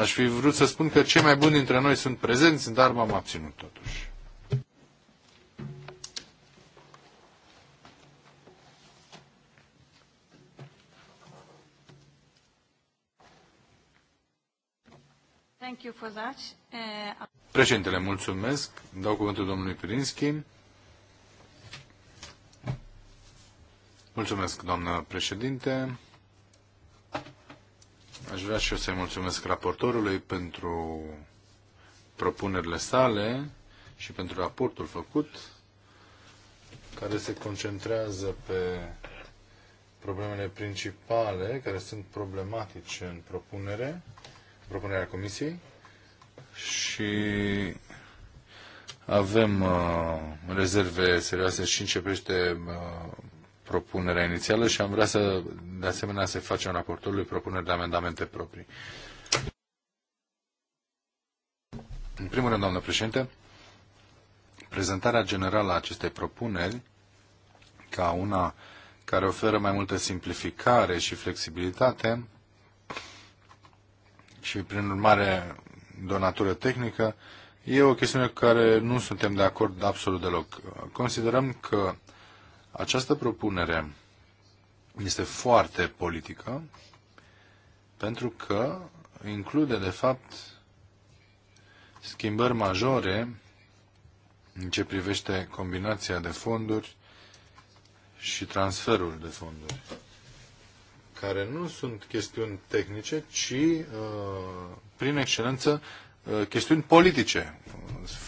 aș fi vrut să spun că cei mai buni dintre noi sunt prezenți, dar m-am abținut totuși. Thank you for that. Uh, Președintele, mulțumesc. Dau cuvântul domnului Pirinski. Mulțumesc, doamnă președinte. Aș vrea și eu să-i mulțumesc raportorului pentru propunerile sale și pentru raportul făcut, care se concentrează pe problemele principale care sunt problematice în propunere propunerea Comisiei și avem uh, rezerve serioase și începește uh, propunerea inițială și am vrea să, de asemenea, să facem raportorului propuneri de amendamente proprii. În primul rând, doamnă președinte, prezentarea generală a acestei propuneri ca una care oferă mai multă simplificare și flexibilitate și, prin urmare, de o natură tehnică, e o chestiune cu care nu suntem de acord absolut deloc. Considerăm că această propunere este foarte politică pentru că include, de fapt, schimbări majore în ce privește combinația de fonduri și transferul de fonduri care nu sunt chestiuni tehnice, ci uh, prin excelență uh, chestiuni politice.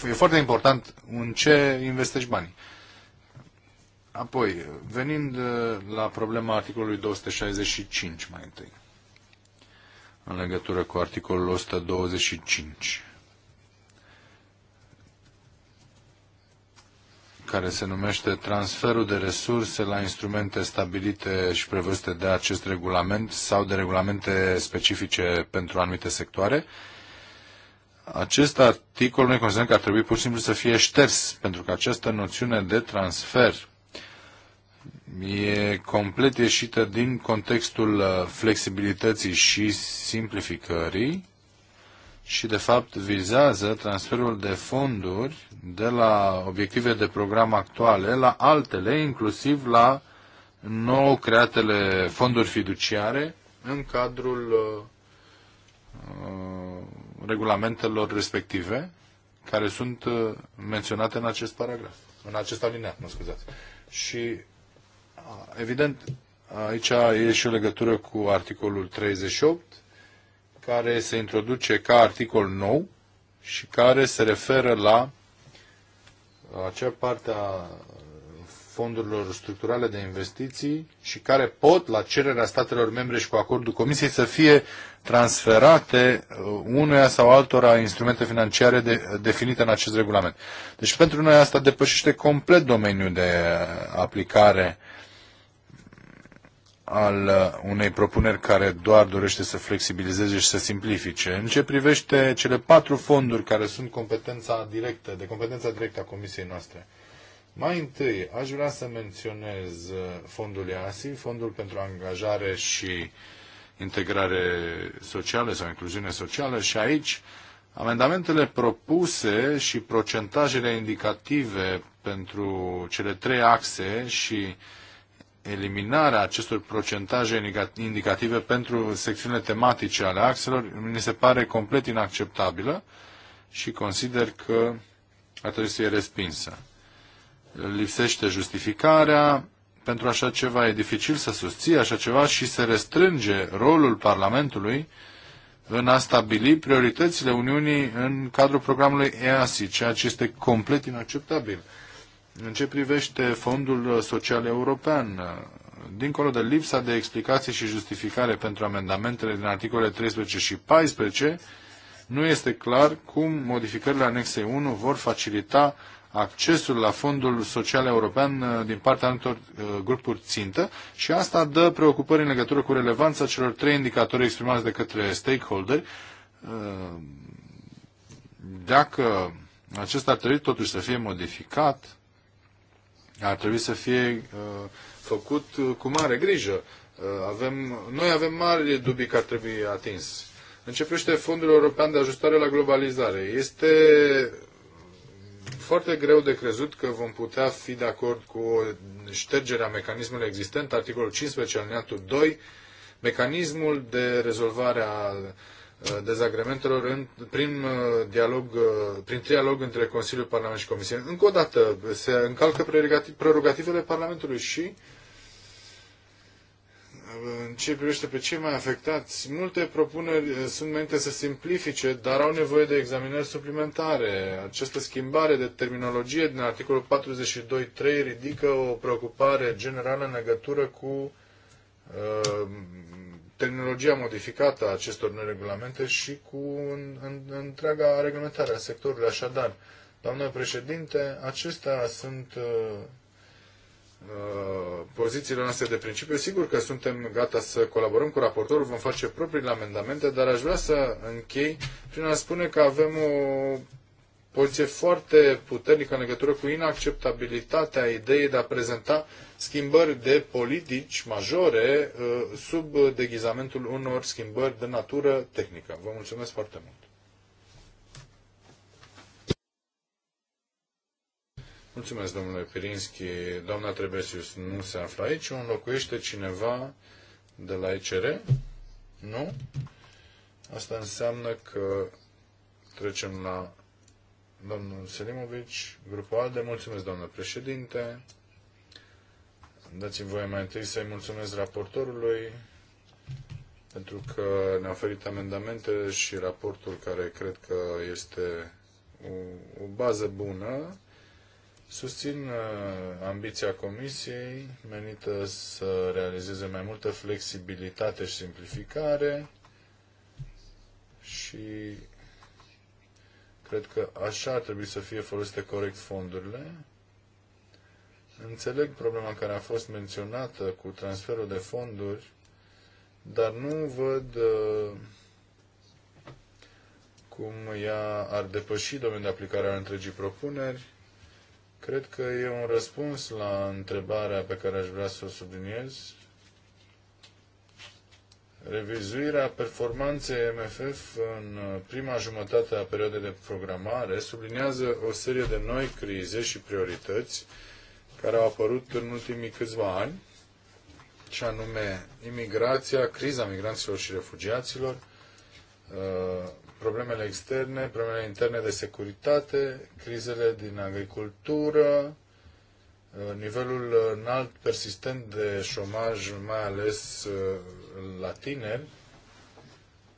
E foarte important în ce investești banii. Apoi, venind uh, la problema articolului 265 mai întâi, în legătură cu articolul 125. care se numește transferul de resurse la instrumente stabilite și prevăzute de acest regulament sau de regulamente specifice pentru anumite sectoare. Acest articol noi considerăm că ar trebui pur și simplu să fie șters, pentru că această noțiune de transfer e complet ieșită din contextul uh, flexibilității și simplificării și, de fapt, vizează transferul de fonduri de la obiective de program actuale la altele, inclusiv la nou createle fonduri fiduciare în cadrul uh, uh, regulamentelor respective care sunt uh, menționate în acest paragraf, în acest alineat, mă scuzați. Și, evident, aici e și o legătură cu articolul 38, care se introduce ca articol nou și care se referă la acea parte a fondurilor structurale de investiții și care pot, la cererea statelor membre și cu acordul Comisiei, să fie transferate uh, unuia sau altora instrumente financiare de, definite în acest regulament. Deci pentru noi asta depășește complet domeniul de uh, aplicare al uh, unei propuneri care doar dorește să flexibilizeze și să simplifice. În ce privește cele patru fonduri care sunt competența directă, de competența directă a Comisiei noastre, mai întâi aș vrea să menționez uh, fondul EASI, Fondul pentru Angajare și Integrare Socială sau Incluziune Socială și aici amendamentele propuse și procentajele indicative pentru cele trei axe și uh, eliminarea acestor procentaje indicative pentru secțiunile tematice ale axelor mi se pare complet inacceptabilă și consider că ar trebui să fie respinsă. Lipsește justificarea, pentru așa ceva e dificil să susții așa ceva și se restrânge rolul Parlamentului în a stabili prioritățile Uniunii în cadrul programului EASI, ceea ce este complet inacceptabil. În ce privește Fondul Social European, dincolo de lipsa de explicații și justificare pentru amendamentele din articolele 13 și 14, nu este clar cum modificările anexei 1 vor facilita accesul la Fondul Social European uh, din partea altor uh, grupuri țintă și asta dă preocupări în legătură cu relevanța celor trei indicatori exprimați de către stakeholder. Uh, dacă acesta ar trebui totuși să fie modificat, ar trebui să fie uh, făcut uh, cu mare grijă. Uh, avem, noi avem mari dubii că ar trebui atins. Începește Fondul European de Ajustare la Globalizare. Este foarte greu de crezut că vom putea fi de acord cu ștergerea mecanismului existent, articolul 15 alineatul 2, mecanismul de rezolvare a Uh, dezagrementelor în, prin, uh, dialog, uh, prin trialog între Consiliul Parlament și Comisie. Încă o dată, se încalcă prerogativele Parlamentului și în ce privește pe cei mai afectați, multe propuneri sunt menite să simplifice, dar au nevoie de examinări suplimentare. Această schimbare de terminologie din articolul 42.3 ridică o preocupare generală în legătură cu uh, terminologia modificată a acestor noi regulamente și cu în, în, întreaga reglementare a sectorului. Așadar, doamnă președinte, acestea sunt uh, uh, pozițiile noastre de principiu. Sigur că suntem gata să colaborăm cu raportorul, vom face propriile amendamente, dar aș vrea să închei prin a spune că avem o poziție foarte puternică în legătură cu inacceptabilitatea ideii de a prezenta schimbări de politici majore uh, sub deghizamentul unor schimbări de natură tehnică. Vă mulțumesc foarte mult! Mulțumesc, domnule Pirinski. Doamna Trebesius nu se află aici. O înlocuiește cineva de la ECR? Nu? Asta înseamnă că trecem la Domnul Selimovic, grupul ALDE, mulțumesc, doamnă președinte. Dați-mi voie mai întâi să-i mulțumesc raportorului pentru că ne-a oferit amendamente și raportul care cred că este o, o bază bună. Susțin uh, ambiția Comisiei menită să realizeze mai multă flexibilitate și simplificare și Cred că așa ar trebui să fie folosite corect fondurile. Înțeleg problema care a fost menționată cu transferul de fonduri, dar nu văd uh, cum ea ar depăși domeniul de aplicare al întregii propuneri. Cred că e un răspuns la întrebarea pe care aș vrea să o subliniez Revizuirea performanței MFF în uh, prima jumătate a perioadei de programare subliniază o serie de noi crize și priorități care au apărut în ultimii câțiva ani, și anume imigrația, criza migranților și refugiaților, uh, problemele externe, problemele interne de securitate, crizele din agricultură, uh, nivelul înalt persistent de șomaj, mai ales la tine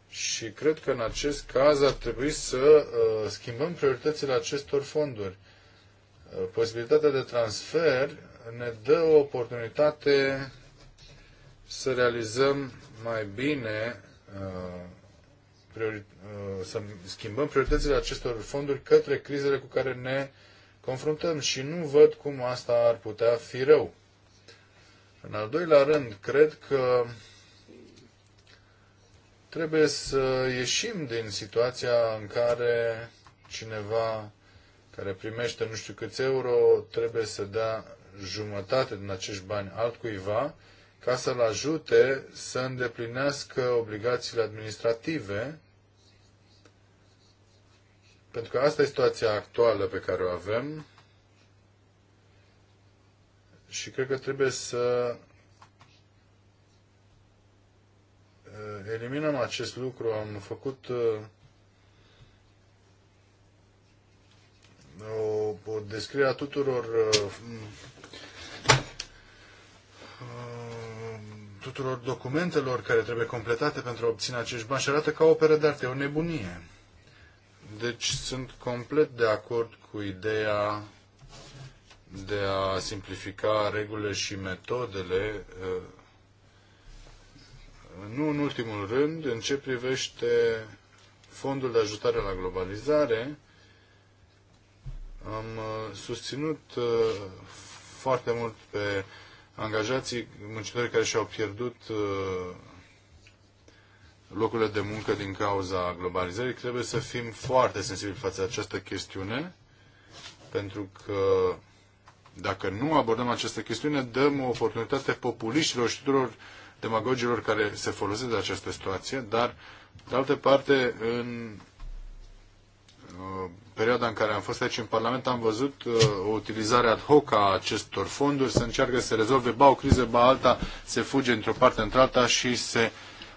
și cred că în acest caz ar trebui să uh, schimbăm prioritățile acestor fonduri. Uh, posibilitatea de transfer ne dă o oportunitate să realizăm mai bine, uh, să schimbăm prioritățile acestor fonduri către crizele cu care ne confruntăm și nu văd cum asta ar putea fi rău. În al doilea rând, cred că Trebuie să ieșim din situația în care cineva care primește nu știu câți euro trebuie să dea jumătate din acești bani altcuiva ca să-l ajute să îndeplinească obligațiile administrative pentru că asta e situația actuală pe care o avem și cred că trebuie să Eh, eliminăm acest lucru, am făcut eh, o, o descriere a tuturor eh, tuturor documentelor care trebuie completate pentru a obține acești bani și arată ca o operă de artă, o nebunie. Deci sunt complet de acord cu ideea de a simplifica regulile și metodele nu în ultimul rând, în ce privește fondul de ajutare la globalizare, am uh, susținut uh, foarte mult pe angajații, muncitorii care și-au pierdut uh, locurile de muncă din cauza globalizării. Trebuie să fim foarte sensibili față de această chestiune, pentru că dacă nu abordăm această chestiune, dăm o oportunitate populiștilor și tuturor demagogilor care se folosesc de această situație, dar, de altă parte, în uh, perioada în care am fost aici în Parlament, am văzut uh, o utilizare ad hoc a acestor fonduri, să încearcă să rezolve ba o criză, ba alta, se fuge într-o parte într-alta și se uh,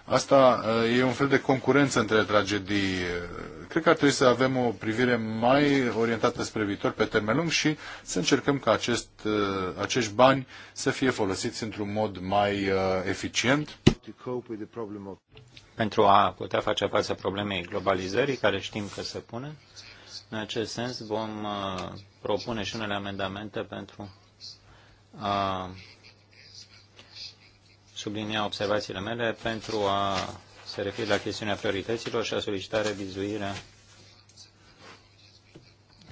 Asta eh, e un fel de concurență între tragedii. Eh, cred că ar trebui să avem o privire mai orientată spre viitor pe termen lung și să încercăm ca acest, eh, acești bani să fie folosiți într-un mod mai eficient pentru a putea face față problemei globalizării, care știm că se pune. În acest sens vom propune și unele amendamente pentru a sublinia observațiile mele pentru a se referi la chestiunea priorităților și a solicita revizuirea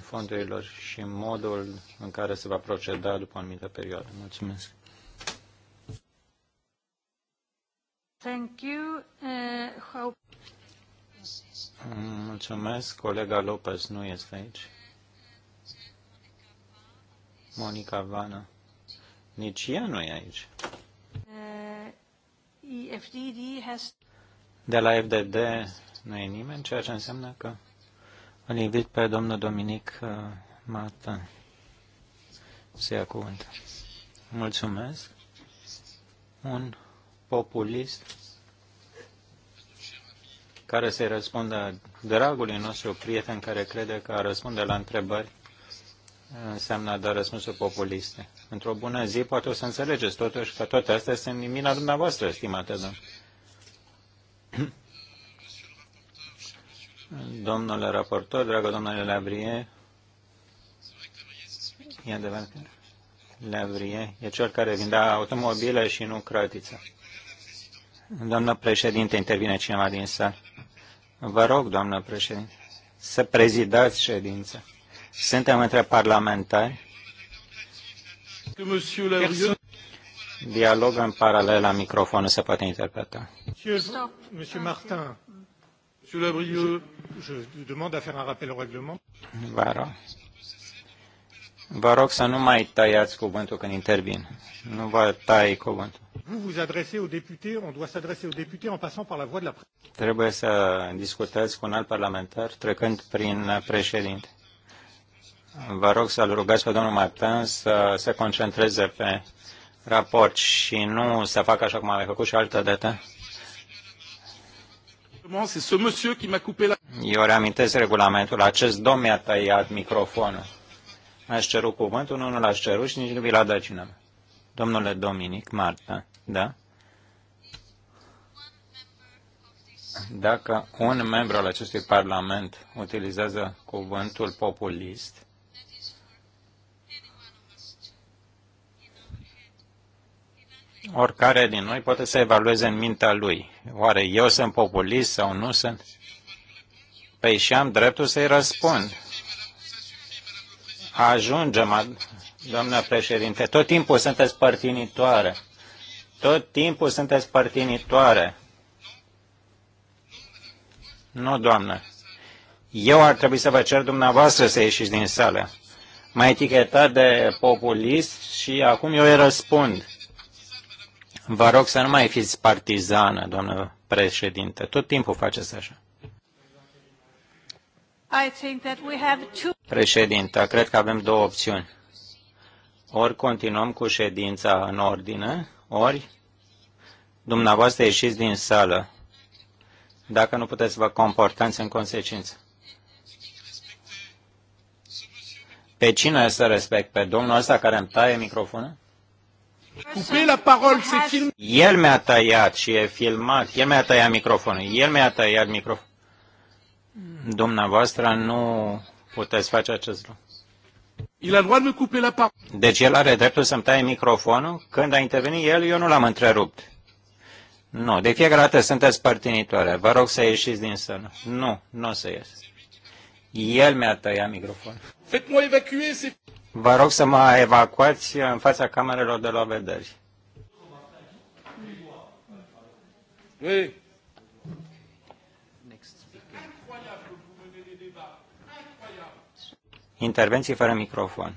fondurilor și modul în care se va proceda după o anumită perioadă. Mulțumesc. Thank you. Uh, hope... Mulțumesc. Colega Lopez nu este aici. Monica Vana. Nici ea nu e aici. De la FDD nu e nimeni, ceea ce înseamnă că îl invit pe domnul Dominic uh, Martin să ia cuvânt. Mulțumesc. Un populist care să-i răspundă dragului nostru prieten care crede că răspunde la întrebări înseamnă de da răspunsuri populiste. Într-o bună zi poate o să înțelegeți totuși că toate astea sunt în mina dumneavoastră, stimate domn. Domnule raportor, dragă domnule Lavrie, e adevărat că Lavrie e cel care vindea automobile și nu crătiță. Doamnă președinte, intervine cineva din sală. Vă rog, doamnă președinte, să prezidați ședința. Suntem între parlamentari. Dialog în paralel la microfonul se poate interpreta. Monsieur Martin, Monsieur Labrieux, je demande à faire un rappel au règlement. Vă rog. Vă rog să nu mai tăiați cuvântul când intervin. Nu vă tai cuvântul. Trebuie să discutați cu un alt parlamentar trecând prin președinte. Vă rog să-l rugați pe domnul Martin să se concentreze pe raport și nu să facă așa cum a mai făcut și altă dată. Eu reamintesc regulamentul. Acest domn mi-a tăiat microfonul. Aș cerut cuvântul, nu, nu l-aș cerut și nici nu vi l-a dat Domnule Dominic Marta, da? Dacă un membru al acestui parlament utilizează cuvântul populist, oricare din noi poate să evalueze în mintea lui. Oare eu sunt populist sau nu sunt? Păi și am dreptul să-i răspund. Ajungem, doamnă președinte, tot timpul sunteți părtinitoare. Tot timpul sunteți părtinitoare. Nu, doamnă. Eu ar trebui să vă cer dumneavoastră să ieșiți din sală. M-a etichetat de populist și acum eu îi răspund. Vă rog să nu mai fiți partizană, doamnă președinte. Tot timpul faceți așa. Președinte, cred că avem două opțiuni. Ori continuăm cu ședința în ordine, ori dumneavoastră ieșiți din sală, dacă nu puteți să vă comportați în consecință. Pe cine să respect? Pe domnul ăsta care îmi taie microfonul? Coupez la parole, c'est film. El mi-a tăiat și e filmat. El mi-a tăiat microfonul. El mi-a tăiat microfonul. Dumneavoastră nu puteți face acest lucru. Il a droit de couper la parole. Deci el are dreptul să-mi taie microfonul? Când a intervenit el, eu nu l-am întrerupt. Nu, de fiecare dată sunteți părtinitoare. Vă rog să ieșiți din sână. Nu, nu o să ies. El mi-a tăiat microfonul. Faites-moi évacuer, c'est Vă rog să mă evacuați în fața camerelor de la vederi. Oui. Intervenții fără microfon.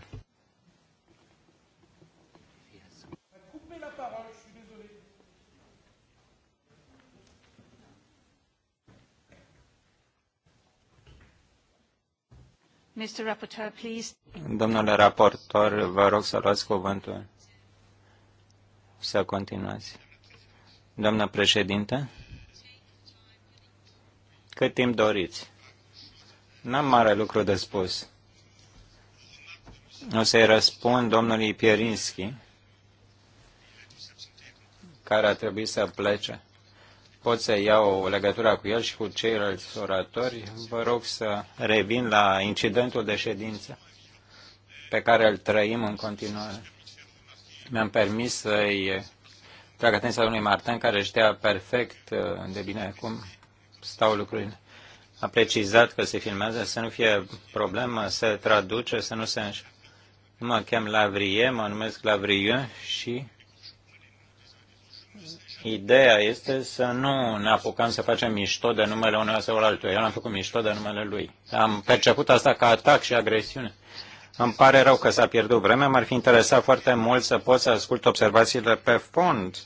Mr. Rapporteur, please. Domnule raportor, vă rog să luați cuvântul. Să continuați. Doamnă președinte, cât timp doriți. N-am mare lucru de spus. O să-i răspund domnului Pierinski, care a trebuit să plece pot să iau legătura cu el și cu ceilalți oratori, vă rog să revin la incidentul de ședință pe care îl trăim în continuare. Mi-am permis să-i trag atenția unui Martin, care știa perfect uh, de bine cum stau lucrurile. A precizat că se filmează, să nu fie problemă, se traduce, să nu se înșe. Mă chem Lavrie, mă numesc Lavrie și Ideea este să nu ne apucăm să facem mișto de numele unuia sau altuia. Eu l am făcut mișto de numele lui. Am perceput asta ca atac și agresiune. Îmi pare rău că s-a pierdut vremea. M-ar fi interesat foarte mult să pot să ascult observațiile pe fond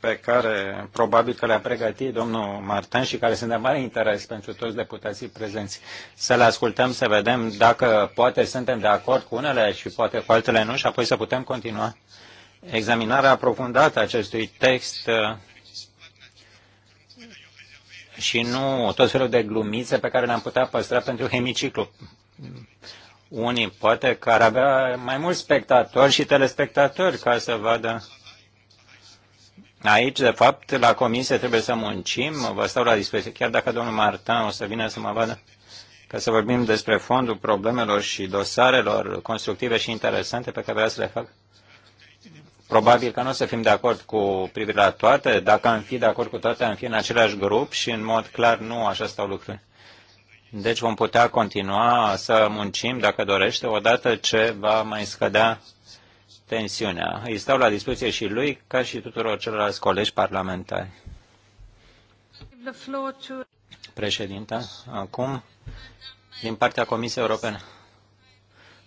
pe care probabil că le-a pregătit domnul Martin și care sunt de mare interes pentru toți deputații prezenți. Să le ascultăm, să vedem dacă poate suntem de acord cu unele și poate cu altele nu și apoi să putem continua examinarea aprofundată a acestui text uh, și nu tot felul de glumițe pe care le-am putea păstra pentru hemiciclu. Unii poate că ar avea mai mulți spectatori și telespectatori ca să vadă. Aici, de fapt, la comisie trebuie să muncim, vă stau la dispoziție, chiar dacă domnul Martin o să vină să mă vadă, ca să vorbim despre fondul problemelor și dosarelor constructive și interesante pe care vrea să le fac. Probabil că nu o să fim de acord cu privire la toate. Dacă am fi de acord cu toate, am fi în același grup și în mod clar nu așa stau lucrurile. Deci vom putea continua să muncim, dacă dorește, odată ce va mai scădea tensiunea. Îi stau la dispoziție și lui, ca și tuturor celorlalți colegi parlamentari. Președinta, acum, din partea Comisiei Europene.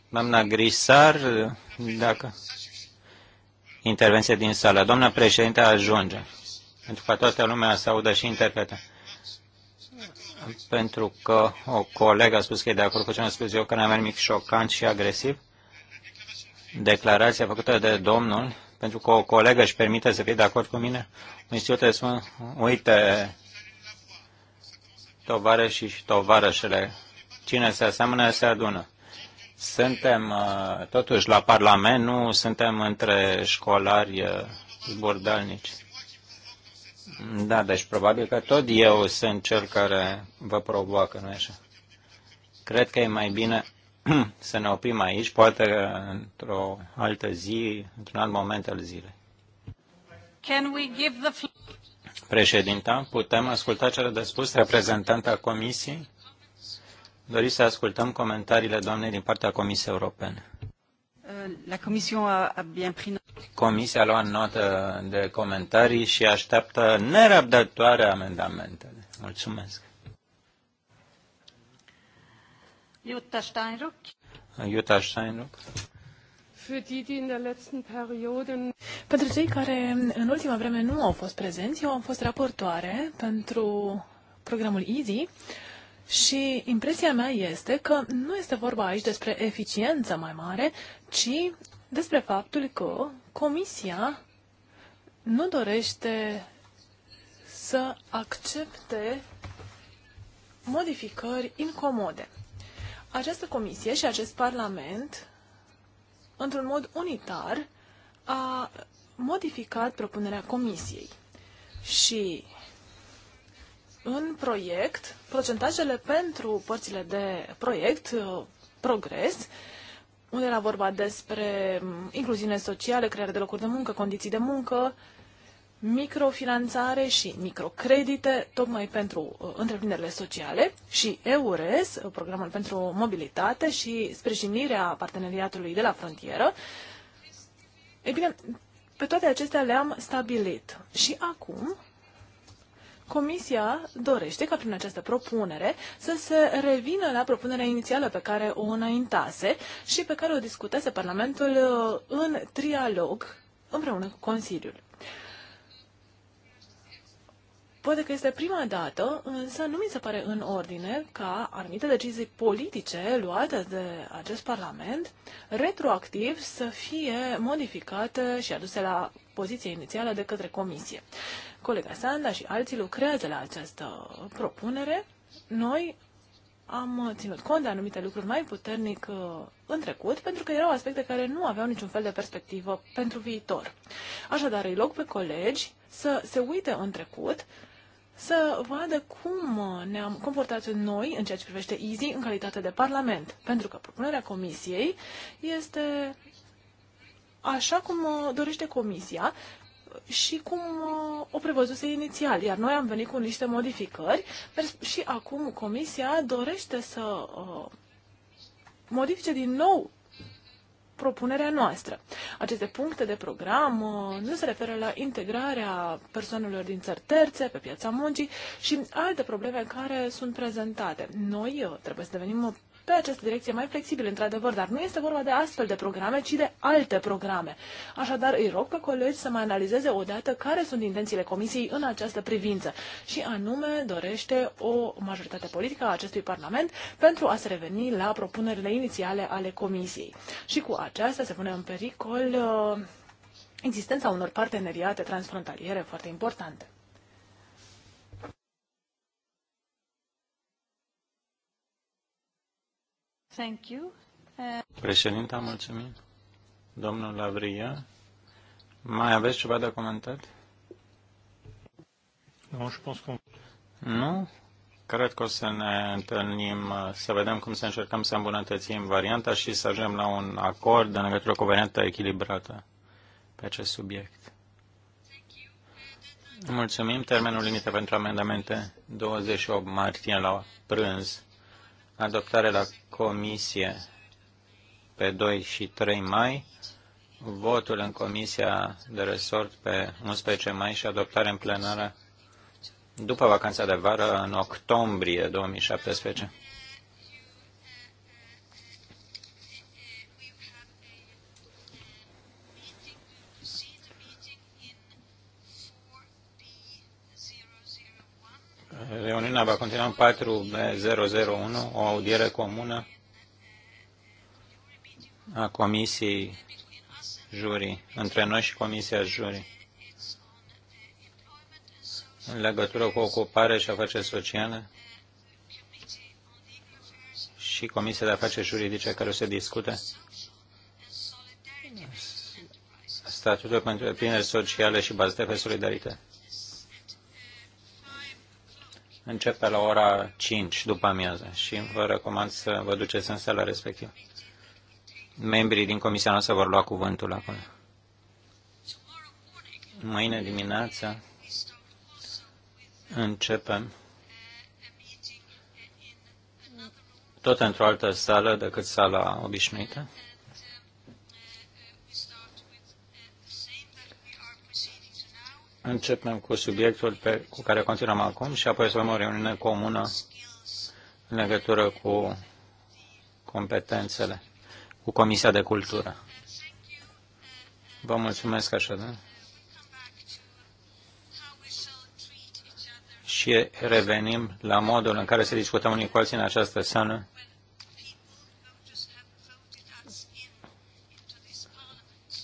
Doamna Grisar, dacă intervenție din sală. Doamna președinte, ajunge. Pentru că toată lumea să audă și interpretă. Pentru că o colegă a spus că e de acord cu ce am spus eu, că n-am nimic șocant și agresiv. Declarația făcută de domnul, pentru că o colegă își permite să fie de acord cu mine, un institut spun, uite, tovarășii și tovarășele, cine se aseamănă se adună. Suntem uh, totuși la Parlament, nu suntem între școlari uh, bordalnici. Da, deci probabil că tot eu sunt cel care vă provoacă, nu așa? Cred că e mai bine să ne oprim aici, poate într-o altă zi, într-un alt moment al zilei. Can we give the... Președinta, putem asculta cele de spus reprezentanta Comisiei? dori să ascultăm comentariile doamnei din partea Comisiei Europene. Euh, la a, Comisia a luat notă de comentarii și așteaptă nerăbdătoare amendamentele. Mulțumesc. Jutta Steinruck. Jutta Steinruck. Pentru cei care în ultima vreme nu au fost prezenți, eu am fost raportoare pentru programul EASY și impresia mea este că nu este vorba aici despre eficiență mai mare, ci despre faptul că Comisia nu dorește să accepte modificări incomode. Această comisie și acest parlament, într-un mod unitar, a modificat propunerea comisiei. Și în proiect, procentajele pentru părțile de proiect, uh, progres, unde era vorba despre mm, incluziune socială, creare de locuri de muncă, condiții de muncă, microfinanțare și microcredite, tocmai pentru uh, întreprinderile sociale și EURES, uh, programul pentru mobilitate și sprijinirea parteneriatului de la frontieră. Ei bine, pe toate acestea le-am stabilit. Și acum Comisia dorește ca prin această propunere să se revină la propunerea inițială pe care o înaintase și pe care o discutase Parlamentul uh, în trialog împreună cu Consiliul. Poate că este prima dată, însă nu mi se pare în ordine ca anumite decizii politice luate de acest Parlament retroactiv să fie modificate și aduse la poziția inițială de către Comisie. Colega Sanda și alții lucrează la această propunere. Noi am ținut cont de anumite lucruri mai puternic uh, în trecut, pentru că erau aspecte care nu aveau niciun fel de perspectivă pentru viitor. Așadar, îi loc pe colegi să se uite în trecut să vadă cum uh, ne-am comportat noi în ceea ce privește EASY în calitate de Parlament. Pentru că propunerea Comisiei este așa cum uh, dorește Comisia și cum uh, o prevăzuse inițial. Iar noi am venit cu niște modificări și acum Comisia dorește să modifice din nou propunerea noastră. Aceste puncte de program uh, nu se referă la integrarea persoanelor din țări terțe pe piața muncii și alte probleme care sunt prezentate. Noi uh, trebuie să devenim pe această direcție mai flexibil, într-adevăr, dar nu este vorba de astfel de programe, ci de alte programe. Așadar, îi rog pe colegi să mai analizeze odată care sunt intențiile Comisiei în această privință și anume dorește o majoritate politică a acestui Parlament pentru a se reveni la propunerile inițiale ale Comisiei. Și cu aceasta se pune în pericol uh, existența unor parteneriate transfrontaliere foarte importante. Președinte, mulțumim. Domnul Lavria, mai aveți ceva de comentat? Nu, Nu? Cred că o să ne întâlnim, să vedem cum să încercăm să îmbunătățim varianta și să ajungem la un acord în legătură cu varianta echilibrată pe acest subiect. Mulțumim. Termenul limită pentru amendamente 28 martie la prânz adoptare la comisie pe 2 și 3 mai, votul în comisia de resort pe 11 mai și adoptare în plenară după vacanța de vară, în octombrie 2017. Reuniunea va continua în 4B001, o audiere comună a Comisiei Jurii, între noi și Comisia Jurii, în legătură cu ocupare și afaceri sociale și Comisia de Afaceri Juridice care o să discute statutul pentru tineri sociale și bazate pe solidaritate începe la ora 5 după amiază și vă recomand să vă duceți în sala respectivă. Membrii din comisia noastră vor lua cuvântul acolo. Mâine dimineață începem tot într-o altă sală decât sala obișnuită. Începem cu subiectul pe, cu care continuăm acum și apoi să avem o reuniune comună în legătură cu competențele, cu Comisia de Cultură. Vă mulțumesc da? Și revenim la modul în care se discutăm unii cu alții în această seară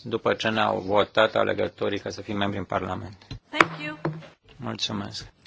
după ce ne-au votat alegătorii ca să fim membri în Parlament. Thank you. Mulțumesc.